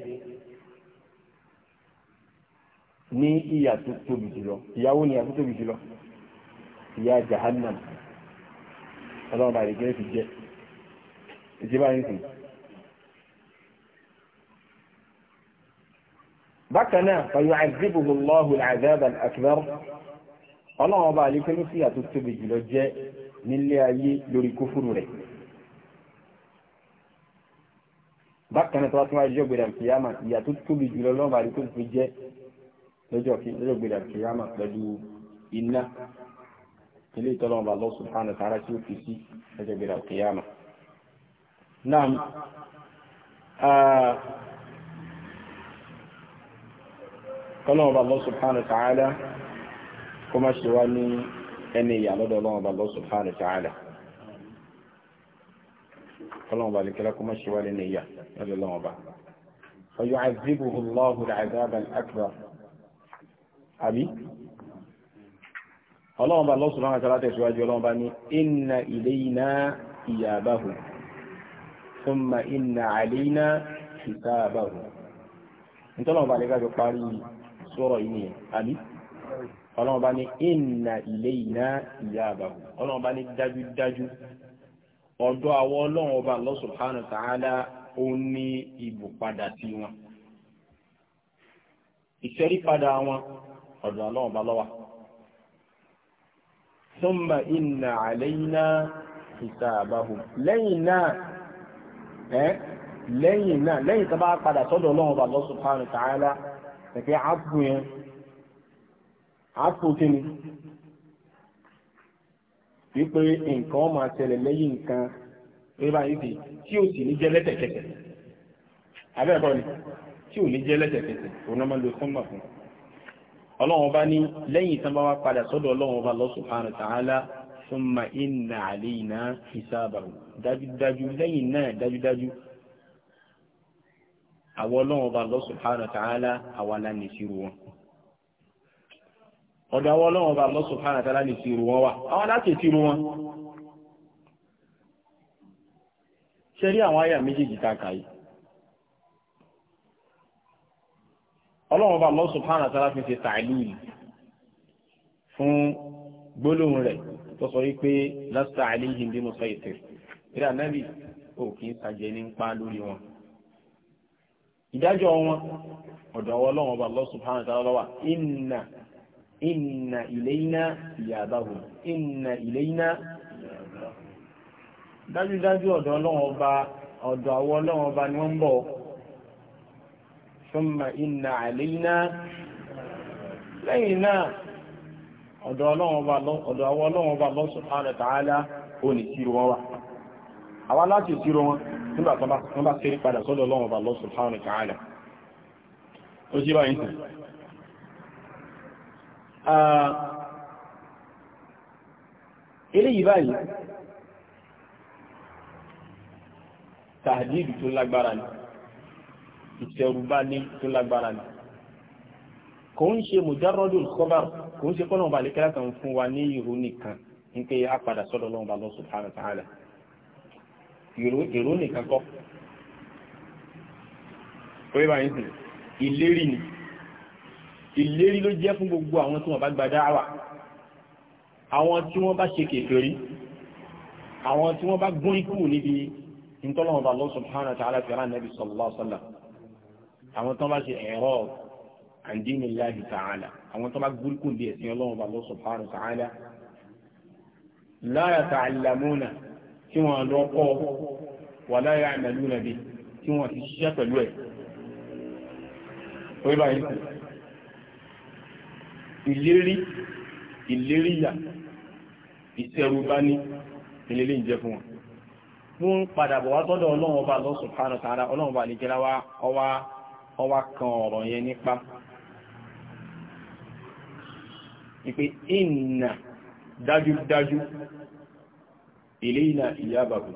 ní ìyà tó tóbi jùlọ ìyàwó ni ìyà tó tóbi jùlọ ìyá jahannam ọlọ́run bàrí gẹ́rẹ́ fi jẹ́ ìjẹba nìkan bákan náà pẹ̀lú àìsíbùhù lọ́hùn àìsíbà akbar ọlọ́run ọba àlékún ló fìyà tó tóbi jùlọ jẹ́ nílé ayé lórí kúfúrú rẹ̀ bákan náà tó wá tún wáyé lọ́jọ́ gbèrè àkìyàmà ìyà tó tóbi jùlọ lọ́run bàrí tó fi jẹ́ lọ́jọ́ gbèrè àkìyàmà pẹ̀lú iná ilé ìtọ́lọ́wọ́n bá Allah subhanahu wa ta'ala tí ó fi sí ẹjọ́ gbéra kìyàmà. Naam kọ́lọ́wọ́n bá Allah subhanahu wa ta'ala kó má ṣe wá ní ẹni ìyà lọ́dọ̀ ọlọ́wọ́n bá Allah subhanahu wa ta'ala. Kọ́lọ́wọ́n bá lè kó má ṣe wá ní ìyà lọ́dọ̀ ọlọ́wọ́n bá. Fa yu'adhibuhu Allahu ọlọ́run bá lọ́sùn láwọn àtàlátẹ̀ síwájú ọlọ́run bá ní inna ilayna iyabahum thumma inna alayna hisabahum nítọ́lọ́run bá lè ká fi parí sọ̀rọ̀ yìí nìyẹn àbí ọlọ́run bá ní inna ilayna iyabahum ọlọ́run bá ní dájúdájú ọ̀dọ̀ àwọn ọlọ́run ọba Allah subhanahu wa ó ní ìbùpadà sí wọn ìṣẹ́rí padà wọn ọ̀dọ̀ ọlọ́run bá lọ́wọ́ thumma inna alayna hisabahum lẹ́yìn náà ẹ́ lẹ́yìn náà lẹ́yìn tó bá padà sọ́dọ̀ ọlọ́run bàbá subhanahu ta'ala ẹ̀kẹ́ àpò yẹn àpò kíni wípé nǹkan ọmọ àtẹlẹ lẹ́yìn nǹkan ríra ìdè tí ò sì ní jẹ́ lẹ́tẹ̀kẹtẹ̀ abẹ́ẹ̀kọ́ ni tí ò ní jẹ́ lẹ́tẹ̀kẹtẹ̀ òun náà máa lo sọ́mà fún un ọlọ́run bá ní lẹ́yìn tán bá wá padà sọ́dọ̀ ọlọ́run bá lọ́sù àrùn tààlà summa inna alayna hisabahu dájúdájú lẹ́yìn náà dájúdájú àwọn ọlọ́run bá lọ́sù àrùn tààlà àwa la ní ìṣirò wọn ọ̀dọ̀ àwọn ọlọ́run bá lọ́sù àrùn tààlà ní ìṣirò wọn wà àwọn láti ìṣirò wọn ṣe rí àwọn àyà méjèèjì tá a kà yìí ọlọ́run ọba Allah subhanahu wa ta'ala fi ṣe ta'lil fún gbólóhùn rẹ̀ tó sọ wípé lasta alayhim bi musaytir ìrẹ́ ànábì ò kì í sàjẹ́ ní pa lórí wọn. ìdájọ́ wọn ọ̀dọ̀ ọlọ́run ọba Allah subhanahu wa ta'ala wà inna inna ilayna iyabahum inna ilayna dájúdájú ọ̀dọ̀ ọlọ́run ọba ọ̀dọ̀ àwọn ọlọ́run ọba ni wọ́n ń bọ̀ thumma inna alayna lẹ́yìn náà ọ̀dọ̀ àwọn ọlọ́wọ́n bá lọ́sù àrẹ̀tàálá òní tí wọ́n wà àwọn láti ìṣírò wọn nígbà tó bá kéré padà sọ́dọ̀ ọlọ́wọ́n bá lọ́sù àrẹ̀tàálá ó sí báyìí sí ilé yìí báyìí tàdídù tó lágbára ni ìtẹ̀rùbani tó lágbára ni kò ń ṣe mujarradul khabar kò ń ṣe kọ́nà ọba àlekẹ́lá kan fún wa ní ìró nìkan ní pé a padà sọ́dọ̀ Ọlọ́run bá lọ subhanahu wa ta'ala ìró nìkan kọ́ orí bá yín sìn ìlérí ni ìlérí ló jẹ́ fún gbogbo àwọn tí wọ́n bá gba dáwà àwọn tí wọ́n bá ṣe kèfèrí àwọn tí wọ́n bá gún ikú níbi ìtọ́lọ́wọ́n bá lọ subhanahu wa fi ara nàbì sallallahu alaihi àwọn tó bá ṣe ẹ̀họ́ àǹdínú láàbì tààlà àwọn tó bá gbúrúkùn bí ẹ̀sìn ọlọ́run bá lọ́sọ̀ fáàrù tààlà láyà tààlàmúnà tí wọ́n lọ kọ́ wà láyà àmàlúnà bí tí wọ́n ti ṣiṣẹ́ pẹ̀lú ẹ̀ orí báyìí kù ìlérí ìléríyà ìṣẹ̀rùbání ìlérí ìjẹ fún wọn mú padà bọ̀ wá sọ́dọ̀ ọlọ́run ọba lọ́sùn fáàrù tààlà ọlọ́run ọba àlejẹ́lá wa ọwá ọwá kan ọ̀rọ̀ yẹn nípa ìpé ìnà dájúdájú ilé ìlà ìyá bàbù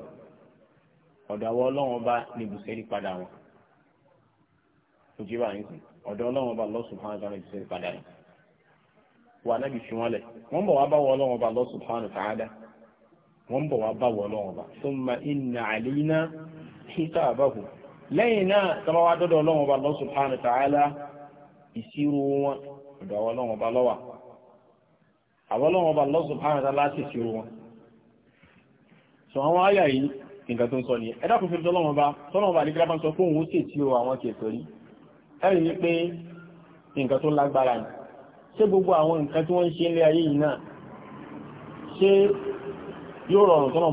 ọ̀dàwọ́ ọlọ́run bá ní padà wọn òjìbà sìn ọ̀dọ̀ ọlọ́run bá wa padà yìí wà nábì fi wọn lẹ̀ wọ́n bọ̀ wá bá wọ ọlọ́run bá Allah wọ́n bọ̀ wá wọ ọlọ́run bá lẹ́yìn náà tọ́ba wa dọ́dọ̀ ọlọ́run ọba Allah subhanahu wa ta'ala ìṣirò wọn ọ̀dọ̀ àwọn ọlọ́run ọba lọ́wà àwọn ọlọ́run ọba Allah subhanahu wa ta'ala sì ṣirò wọn. sọ àwọn àyà yìí nǹkan tó ń sọ nìyẹn ẹ dákun fífi tọ́lọ́run ọba tọ́lọ́run ọba nígbà máa ń ó sì ti o àwọn kèfèrí ẹ̀rí ni pé nǹkan tó lágbára ni ṣé gbogbo àwọn nǹkan tí wọ́n ń ṣe ilé ayé yìí náà ṣé yóò rọrùn tọ́lọ́run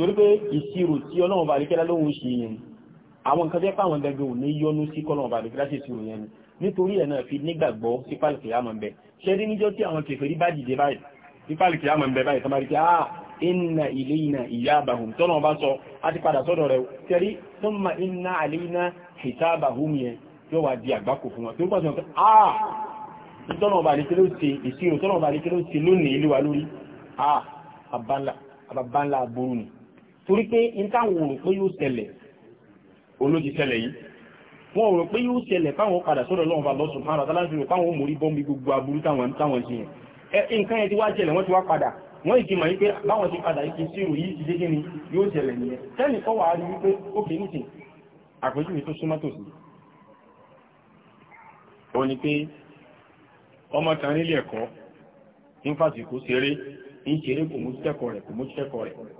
torí pé ìṣirò tí ọlọ́run bá ríkẹ́lá lóhun ṣe yẹn àwọn nǹkan jẹ́ pàwọn gẹ́gẹ́ ò ní yọnu sí kọ́lọ́run bá ríkẹ́lá ṣe ìṣirò yẹn nítorí ẹ̀ náà fi nígbàgbọ́ sí pálíkì àmọ̀ bẹ́ẹ̀ ṣé rí níjọ́ tí àwọn kèfèrí bá dìde báyìí sí pálíkì àmọ̀ bẹ́ẹ̀ báyìí tán bá rí pé ah inna ilayna iyabahum tọ́nà bá sọ a ti padà sọ́dọ̀ ah tọ́nà ọba àdékẹ́ ló ṣe ìṣirò tọ́nà ọba àdékẹ́ ló ṣe ah àbáńlá àbúrú ni torí pé n táwọn rò pé yóò ṣẹlẹ̀ olódi ṣẹlẹ̀ yìí wọn rò pé yóò ṣẹlẹ̀ fáwọn padà sọ́dọ̀ lọ́wọ́ bá lọ́sùn fáwọn àtàlá fi rò fáwọn mórí bọ́m̀bì gbogbo aburú táwọn táwọn ṣe yẹn nǹkan yẹn ti wá ṣẹlẹ̀ wọ́n ti wá padà wọ́n ìkí ma wípé báwọn ti padà ìkí sírò yìí ti dégé ni yóò ṣẹlẹ̀ nìyẹn tẹ́lì kọ́ wà á rí wípé ó kè nìsìn àpèjúwe tó súnmọ́ tòsí ó ní pé ọmọ kan nílé ẹ̀kọ́ ń fàsìkò ṣeré ń ṣeré kò mú kẹ́kọ̀ọ́ rẹ̀ kò mú kẹ́kọ̀ọ́ rẹ̀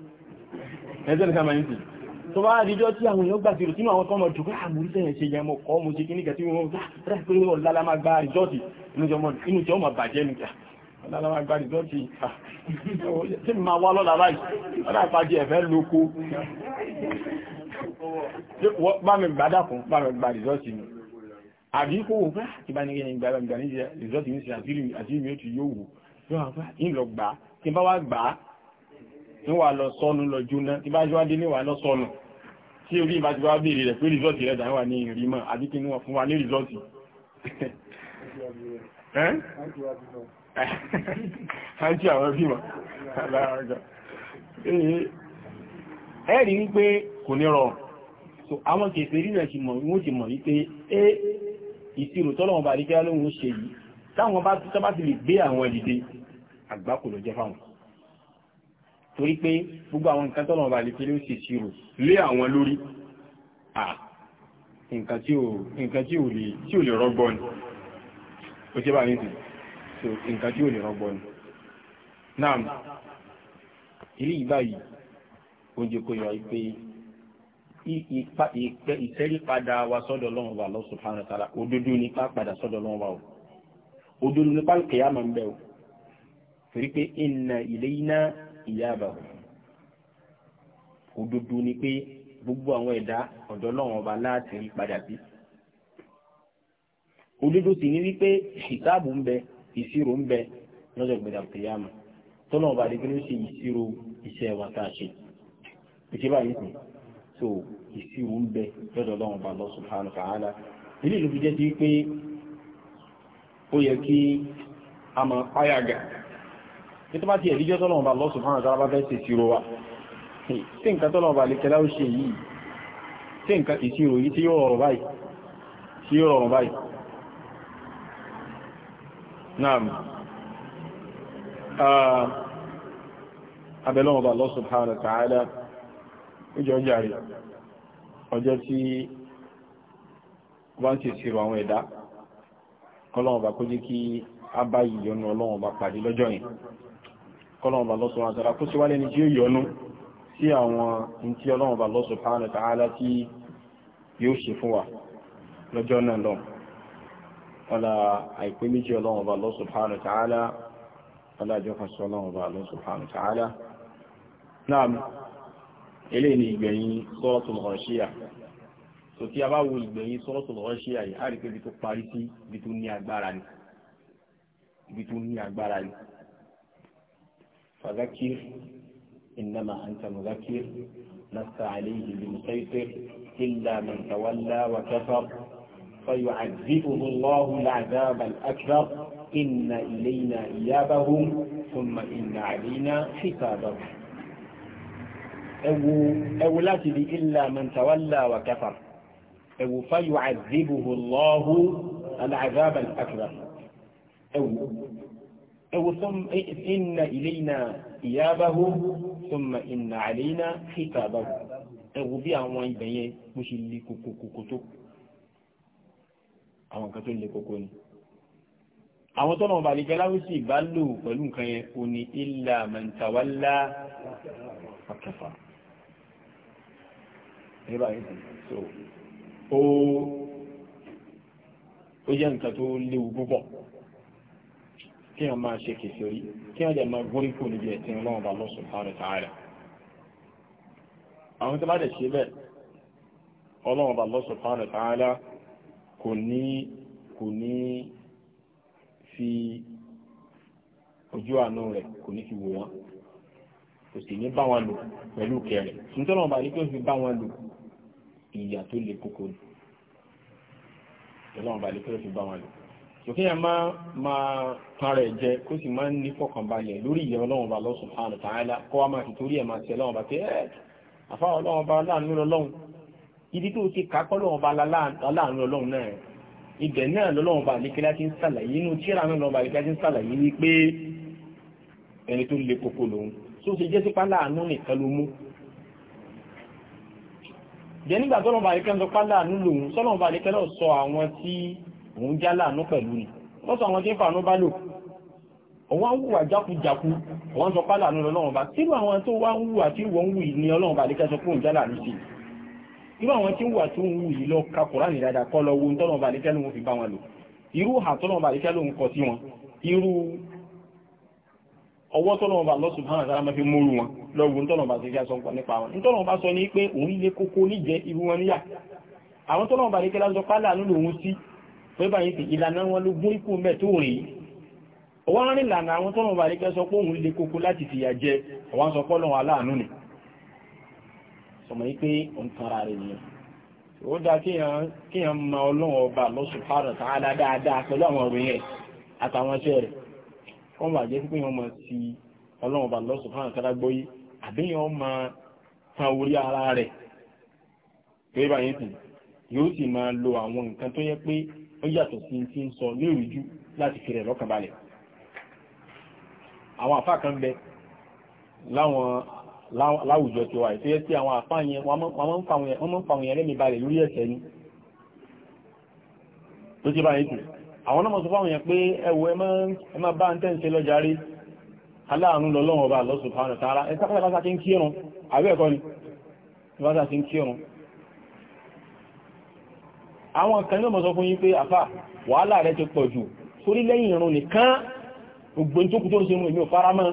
ẹ̀ẹ́sẹ̀lẹ̀ ká máa ń sì tó bá àdíjọ́ tí àwọn èèyàn gbà tìrò sínú àwọn kọmọ dùgbà àmúrísẹ̀ ah, ẹ̀ ṣe yẹ mọ́ kọ́ mo ṣe kí nígbà tí wọ́n rẹ̀ pé ọ̀lálá ah, máa gba àríjọ́tì inú tí ọmọ bàjẹ́ nìkà ah, ọ̀lálá máa gba àríjọ́tì tí ma wá lọ́la láì ọ̀lá ìpàdé ẹ̀fẹ́ bá mi gbádà ni gbàgbà níjẹ́ àríjọ́tì mi sì àti ìmí ó ti yóò wù ní wà lọ sọ́nù lọ jóná tí bá jọ́wádé ní wà lọ sọ́nù tí orí ìbá ti wá béèrè rẹ̀ pé rìsọ́ọ̀tì rẹ̀ dáwà ní ìrìmọ̀ àbí kí wọ́n fún wa ní rìsọ́ọ̀tì àti wípé kò ní rọrùn àwọn kèfè rírẹ̀ ti mọ̀ wọ́n ti mọ̀ wípé é ìṣirò tọ́lọ̀wọ̀n bá rí kẹ́ lóhun ṣe yìí táwọn bá ti lè gbé àwọn ìdìde àgbákò lọ jẹ́ fáwọn torí pé gbogbo àwọn nǹkan tọ́lọ̀ ọba àlèkè ló sì ṣirò lé àwọn lórí nǹkan tí ò lè rọgbọ ni ó ṣe bá nìsín nǹkan tí ò lè rọgbọ ni náà ilé ìbáyìí oúnjẹ kò yọ pé ìsẹ́rí padà wa sọ́dọ̀ ọlọ́run wa Allah subhanahu wa ta'ala òdodo nípa padà sọ́dọ̀ ọlọ́run wa o òdodo nípa kìyàmọ̀ ń bẹ̀ o torí pé inna ilayna ìyáàbàwò òdodo ni pé gbogbo àwọn ẹ̀dá ọ̀dọ̀ láti rí padà òdodo sì ni wípé ìsáàbù ń bẹ ìṣirò ń bẹ lọ́jọ́ ìgbéra kìyàmù tọ́lọ́run ọba àdégbé ló ṣe ìṣirò iṣẹ́ wa tá a ṣe báyìí so ìṣirò ń bẹ lọ́dọ̀ ọlọ́run lọ ilé ìlú fi jẹ́ sí pé ó yẹ kí tó bá ti ẹ̀díjọ́ tọ́lọ̀wọ̀n bá lọ́sùn fún àjọ́ alábáfẹ́ sí ìṣirò wa tí nǹkan tọ́lọ̀wọ̀n bá lè kẹlá ó ṣe yìí tí nǹkan ìṣirò yìí tí yóò rọrùn báyìí naam ah, abẹ́lọ́wọ̀n bá lọ́sùn fún àjọ́ tààlà ìjọ jàrí ọjọ́ tí wọ́n ti ìṣirò àwọn ẹ̀dá kọlọ́wọ̀n bá kó jẹ́ kí a bá ìyọnu ọlọ́wọ̀n bá pàdé lọ́jọ́ yìí kọ́lọ́wọ́n bá lọ́sọ̀ wọn àtàrà kó sí wálé ní tí ó yọnu sí àwọn ntí ọlọ́wọ́n bá lọ́sọ̀ subhanahu wa ta'ala tí yóò ṣe fún wa lọ́jọ́ náà lọ ọ̀la àìpé méjì ọlọ́wọ́n bá lọ́sọ̀ subhanahu wa ta'ala ọ̀la àjọkàn lọ́sọ̀ subhanahu wa náà eléyìí ni ìgbẹ̀yìn Suratul Ghashiyah tò tí a bá wo ìgbẹ̀yìn Suratul Ghashiyah yìí á rí pé ibi tó parí sí ibi tó ní agbára ni ibi tó ní agbára ni فذكر إنما أنت مذكر لست عليه بمسيطر إلا من تولى وكفر فيعذبه الله العذاب الأكبر إن إلينا إيابهم ثم إن علينا حسابهم أو لا تبي إلا من تولى وكفر أو فيعذبه الله العذاب الأكبر أو ẹwọ inna ilayna iyabahu thumma inna alayna hitabahu ẹwọ bí àwọn ibẹ̀ yẹn mo ṣe lè kòkòkòkò tó àwọn nǹkan tó lè kòkò ni àwọn tọ́nà ọba àlejò aláwọ̀sì bá lò pẹ̀lú nǹkan yẹn o ní illa man ọ̀kẹfà nígbà yìí so ó ó jẹ́ nǹkan tó léwu púpọ̀ kí wọ́n máa ṣe kèfèrí kí wọ́n dẹ̀ máa gún ipò níbi ẹ̀sìn ọlọ́run bá lọ́sùn fáwọn tààrà àwọn tó bá dẹ̀ ṣe bẹ́ẹ̀ ọlọ́run bá lọ́sùn fáwọn tààrà kò ní kò ní fi ojú àánú rẹ̀ kò ní fi wò wọ́n kò sì ní bá wọn lò pẹ̀lú kẹrin nítorí wọn bá ní kí wọ́n fi bá wọn lò ìyà tó le koko ni ọlọ́run bá ní kí wọ́n fi bá wọn lò sókè yẹn máa máa tan rẹ̀ jẹ kó sì máa ń ní fọkànbalẹ̀ lórí ìyẹn ọlọ́run ọba lọ́sùn fáànù tààlà kó wá máa fi torí ẹ̀ máa ṣe ọlọ́run ọba pé ẹ́ àfa ọlọ́run ọba aláàánú lọ́lọ́run ibi tó ti kà kọ́ lọ́run ọba aláàánú lọ́lọ́run náà ibẹ̀ náà lọ́lọ́run ọba àlékelá ti ń sàlàyé inú tíra náà lọ́run ọba àlékelá ń sàlàyé wípé ẹni tó le koko lòun tó ṣe jẹ́ sípá láàánú nìkan ló mú jẹ́ nígbà tọ́lọ́run ọba àlékelá ń sọ pá láàánú sọ àwọn tí òun já láàánú pẹ̀lú ni wọ́n sọ àwọn tí ń fàánú bá lò òun wọ́n ń wùwà jákujàku wọ́n sọ pálà ní ọlọ́run bá tí àwọn tó wá ń wùwà tí wọ́n ń wù ní ọlọ́run bá lékẹ́ sọ pé òun já láàánú sí irú àwọn tí ń wùwà tí ń wù yìí lọ ka Kùránì dáadáa kọ́ lọ wo ń tọ́lọ́run bá lékẹ́ lóun fi bá wọn lò irú hà tọ́lọ́run bá lékẹ́ lóun kọ sí wọn irú ọwọ́ tọ́lọ́run bá lọ́sùn fún àtàrà fi móru wọn lọ́wọ́ ń tọ́lọ́run bá lékẹ́ sọ nípa wọn ń tọ́lọ́run bá sọ ní pé òun lé kókó níjẹ irú wọn níyà àwọn tọ́lọ́run bá lékẹ́ lásọ pálà nínú òun sí pé báyìí sì ìlànà wọn ló gún ikú mẹ́ tó rìn wọ́n rìn lànà àwọn tọ́nà bá ríkẹ́ sọ pé òun lè kókó láti fìyà jẹ àwọn sọ aláàánú ni sọmọ yìí pé òun tanra rẹ̀ nìyẹn ó dá kíyàn ma Ọlọ́run ọba subhanahu wa ta'ala dáadáa pẹ̀lú àwọn ọ̀rọ̀ yẹn àtàwọn iṣẹ́ rẹ̀ wọ́n bá jẹ́ pé wọ́n wa ta'ala gbọ́yé àbíyàn ma tan orí ara rẹ̀ pé báyìí sì yóò sì máa lo àwọn nǹkan tó yẹ pé ó yàtọ̀ sí ti ń sọ ní ìrújú láti fi rẹ̀ lọ́kàn balẹ̀ àwọn àfá kan bẹ láwùjọ tí wà tó yẹ sí àwọn àfá yẹn wọ́n mọ́ ń fa àwọn yẹn lẹ́mìí balẹ̀ lórí ẹ̀ṣẹ̀ ni tó ti báyìí tù àwọn náà mọ̀ sọ fáwọn yẹn pé ẹwọ ẹ má bá ń tẹ́ǹsẹ lọ́jà rí aláàánú lọ́lọ́wọ́ bá lọ́sùn fáwọn ọ̀tá ara ẹ sáfẹ́ àwọn kan yóò mọ̀ sọ fún yín pé àfà wàhálà rẹ ti pọ̀ jù sórí lẹ́yìn irun nìkan gbogbo tó kú tó ń ṣe irun èmi ò fara mọ́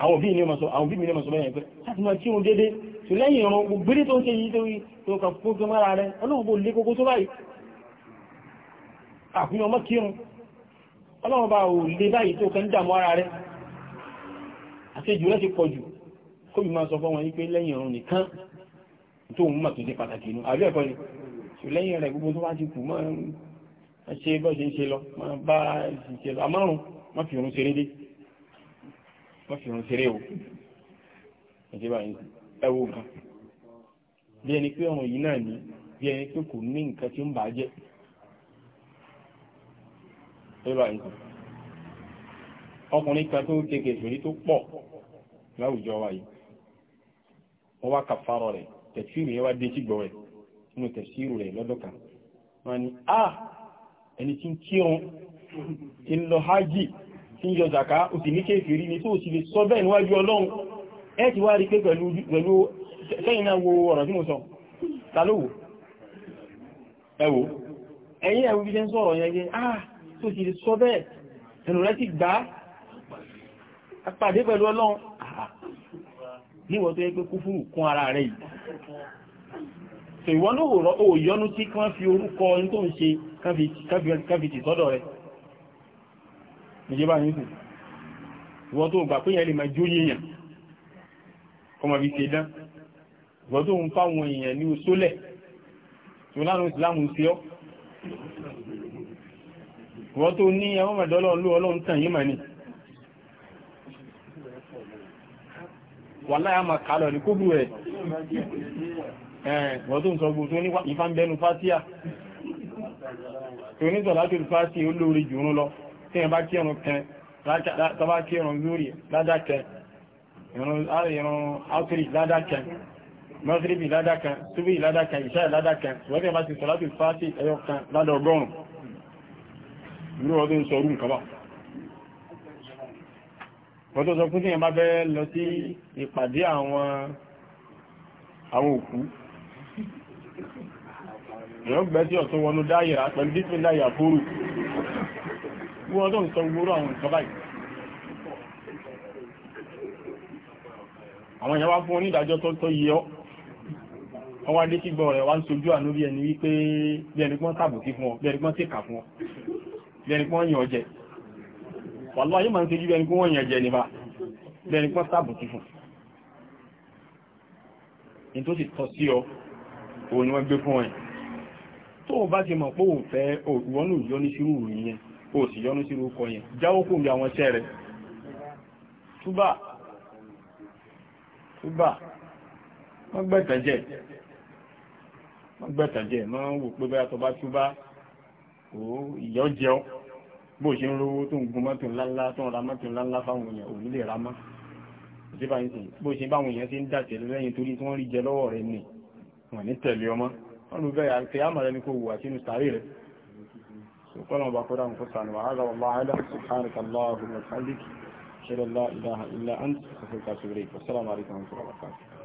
àwọn òbí mi ní mọ̀ sọ àwọn òbí mi ní mọ̀ sọ bẹ́yẹn pé láti máa kírun déédéé sọ lẹ́yìn irun gbogbo eré tó ń ṣe yìí tó rí tó kàn nìkan tó ń mọ̀ tó ṣe pàtàkì inú àbí ni lẹ́yìn rẹ̀ gbogbo tó bá ti kù máa ń ṣe bọ́ ṣe ń ṣe lọ máa bá ìṣẹ̀lọ àmárùn má fi òun ṣeré dé má fi òun ṣeré o ẹ̀jẹ̀ báyìí ẹ wo nǹkan bí ẹni pé ọ̀run yìí náà ní bí ẹni pé kò ní nǹkan tí ó ń bà á jẹ́ ẹ báyìí ọkùnrin kan tó tẹ̀kẹ̀ ìṣòrí tó pọ̀ láwùjọ wa yìí wọ́n wá kàfàrọ̀ rẹ̀ tẹ̀síìrì yẹn wá dé sígbọ̀ rẹ̀ nínú tẹ̀síìrù rẹ̀ lọ́dọ̀ kan wọ́n ní a ah, ẹni tí ń kí òun ti ń lọ hajj tí ń yọ zaka ó sì ní kéfèrí ni tó sì lè sọ bẹ́ẹ̀ níwájú ọlọ́run ẹ ti wá rí pé pẹ̀lú sẹ́yìn wo ọ̀rọ̀ tí mo sọ ah tó sì lè sọ bẹ́ẹ̀ ẹnu rẹ̀ ti gbá pàdé pẹ̀lú ọlọ́run ah, ah. níwọ̀n so ìwọ ló wòrọ́ ó yọnu tí kán fi orúkọ ní tó ń ṣe káfíìtì sọ́dọ̀ rẹ̀ ìjẹba nìsìn ìwọ tó gbà pé yẹn lè máa jó yíyàn ọmọ bí ṣe dán ìwọ tó ń fáwọn èèyàn ní oṣólẹ̀ tó lánàá ìsìlámù ń ṣe ọ́ ìwọ tó ní ẹwọ́n mẹ́dọ́lọ́ ló ọlọ́run tàn yí mà ní wàláyà máa kálọ̀ ní kóbù rẹ̀ ẹ̀ẹ̀gbọ́n eh, tó ń sọ gbogbo tó ní ìfà ń bẹnu fásíà tó ní sọ̀látò fásí olóore jùrún lọ tí ẹ bá kí ẹran kẹ tọba kí ẹran lórí ládákẹ ẹran áùtírì ládákẹ mọ́síríbì ládákẹ súbì ládákẹ ìṣẹ́ ládákẹ wọ́n bá ti sọ̀látò fásí ẹyọ kan ládà ọgọ́rùn irú ọdún sọ rú nǹkan bá wọ́n tó sọ fún tí ẹ bá bẹ́ lọ sí ìpàdé àwọn òkú èèyàn gbẹ́sí ọ̀tún wọnú dáyà pẹ̀lú dípínlẹ̀ àyà fóòrù wọ́n tó ń sọ gbóró àwọn nǹkan báyìí àwọn èèyàn wá fún onídàájọ́ tó tó yẹ ọ́ wọ́n wá dé sígbọ́ rẹ̀ wá ń sojú àánú bí ẹni wípé bí ẹni pọ́n tàbùkí fún ọ bí ẹni pọ́n tèkà fún ọ bí ẹni pọ́n yàn jẹ wàlúwà yìí máa ń sojú bí ẹni pọ́n yàn jẹ nípa bí ẹni pọ́n tàbùkí fún ní tó sì tọ́ sí ọ òun ni wọ́n gbé fún ọ yìí tó bá ti mọ̀ pé o fẹ́ ìwọ́nù yọnu sírú ròyìn yẹn o sì yọnu sírú kọ yẹn jáwọ́ kò ní àwọn iṣẹ́ rẹ̀ túbà túbà wọ́n gbẹ̀tẹ̀jẹ̀ wọ́n gbẹ̀tẹ̀jẹ̀ máa ń wò pé bẹ́ẹ̀ tó bá túbà ó ìyọ́ jẹun bó ṣe ń rówó tó ń gun mọ́tò ńláńlá tó ń ra mọ́tò ńláńlá fáwọn èèyàn ò ní ra mọ́ bó ṣe báwọn èèyàn ti ń dàtẹ̀ lẹ́yìn torí tí wọ́n rí jẹ lọ́wọ́ rẹ̀ nì wọ́n ní tẹ̀lé ọmọ wọ́n bẹ̀rẹ̀ àti àmà ní kò wù àti inú sàárè rẹ̀ sọ́kọ́nà ọba kọ́dà mú fọ́sàn wà wà سبحانك اللهم وبحمدك أشهد أن لا إله إلا أنت أستغفرك وأتوب إليك والسلام عليكم ورحمة الله وبركاته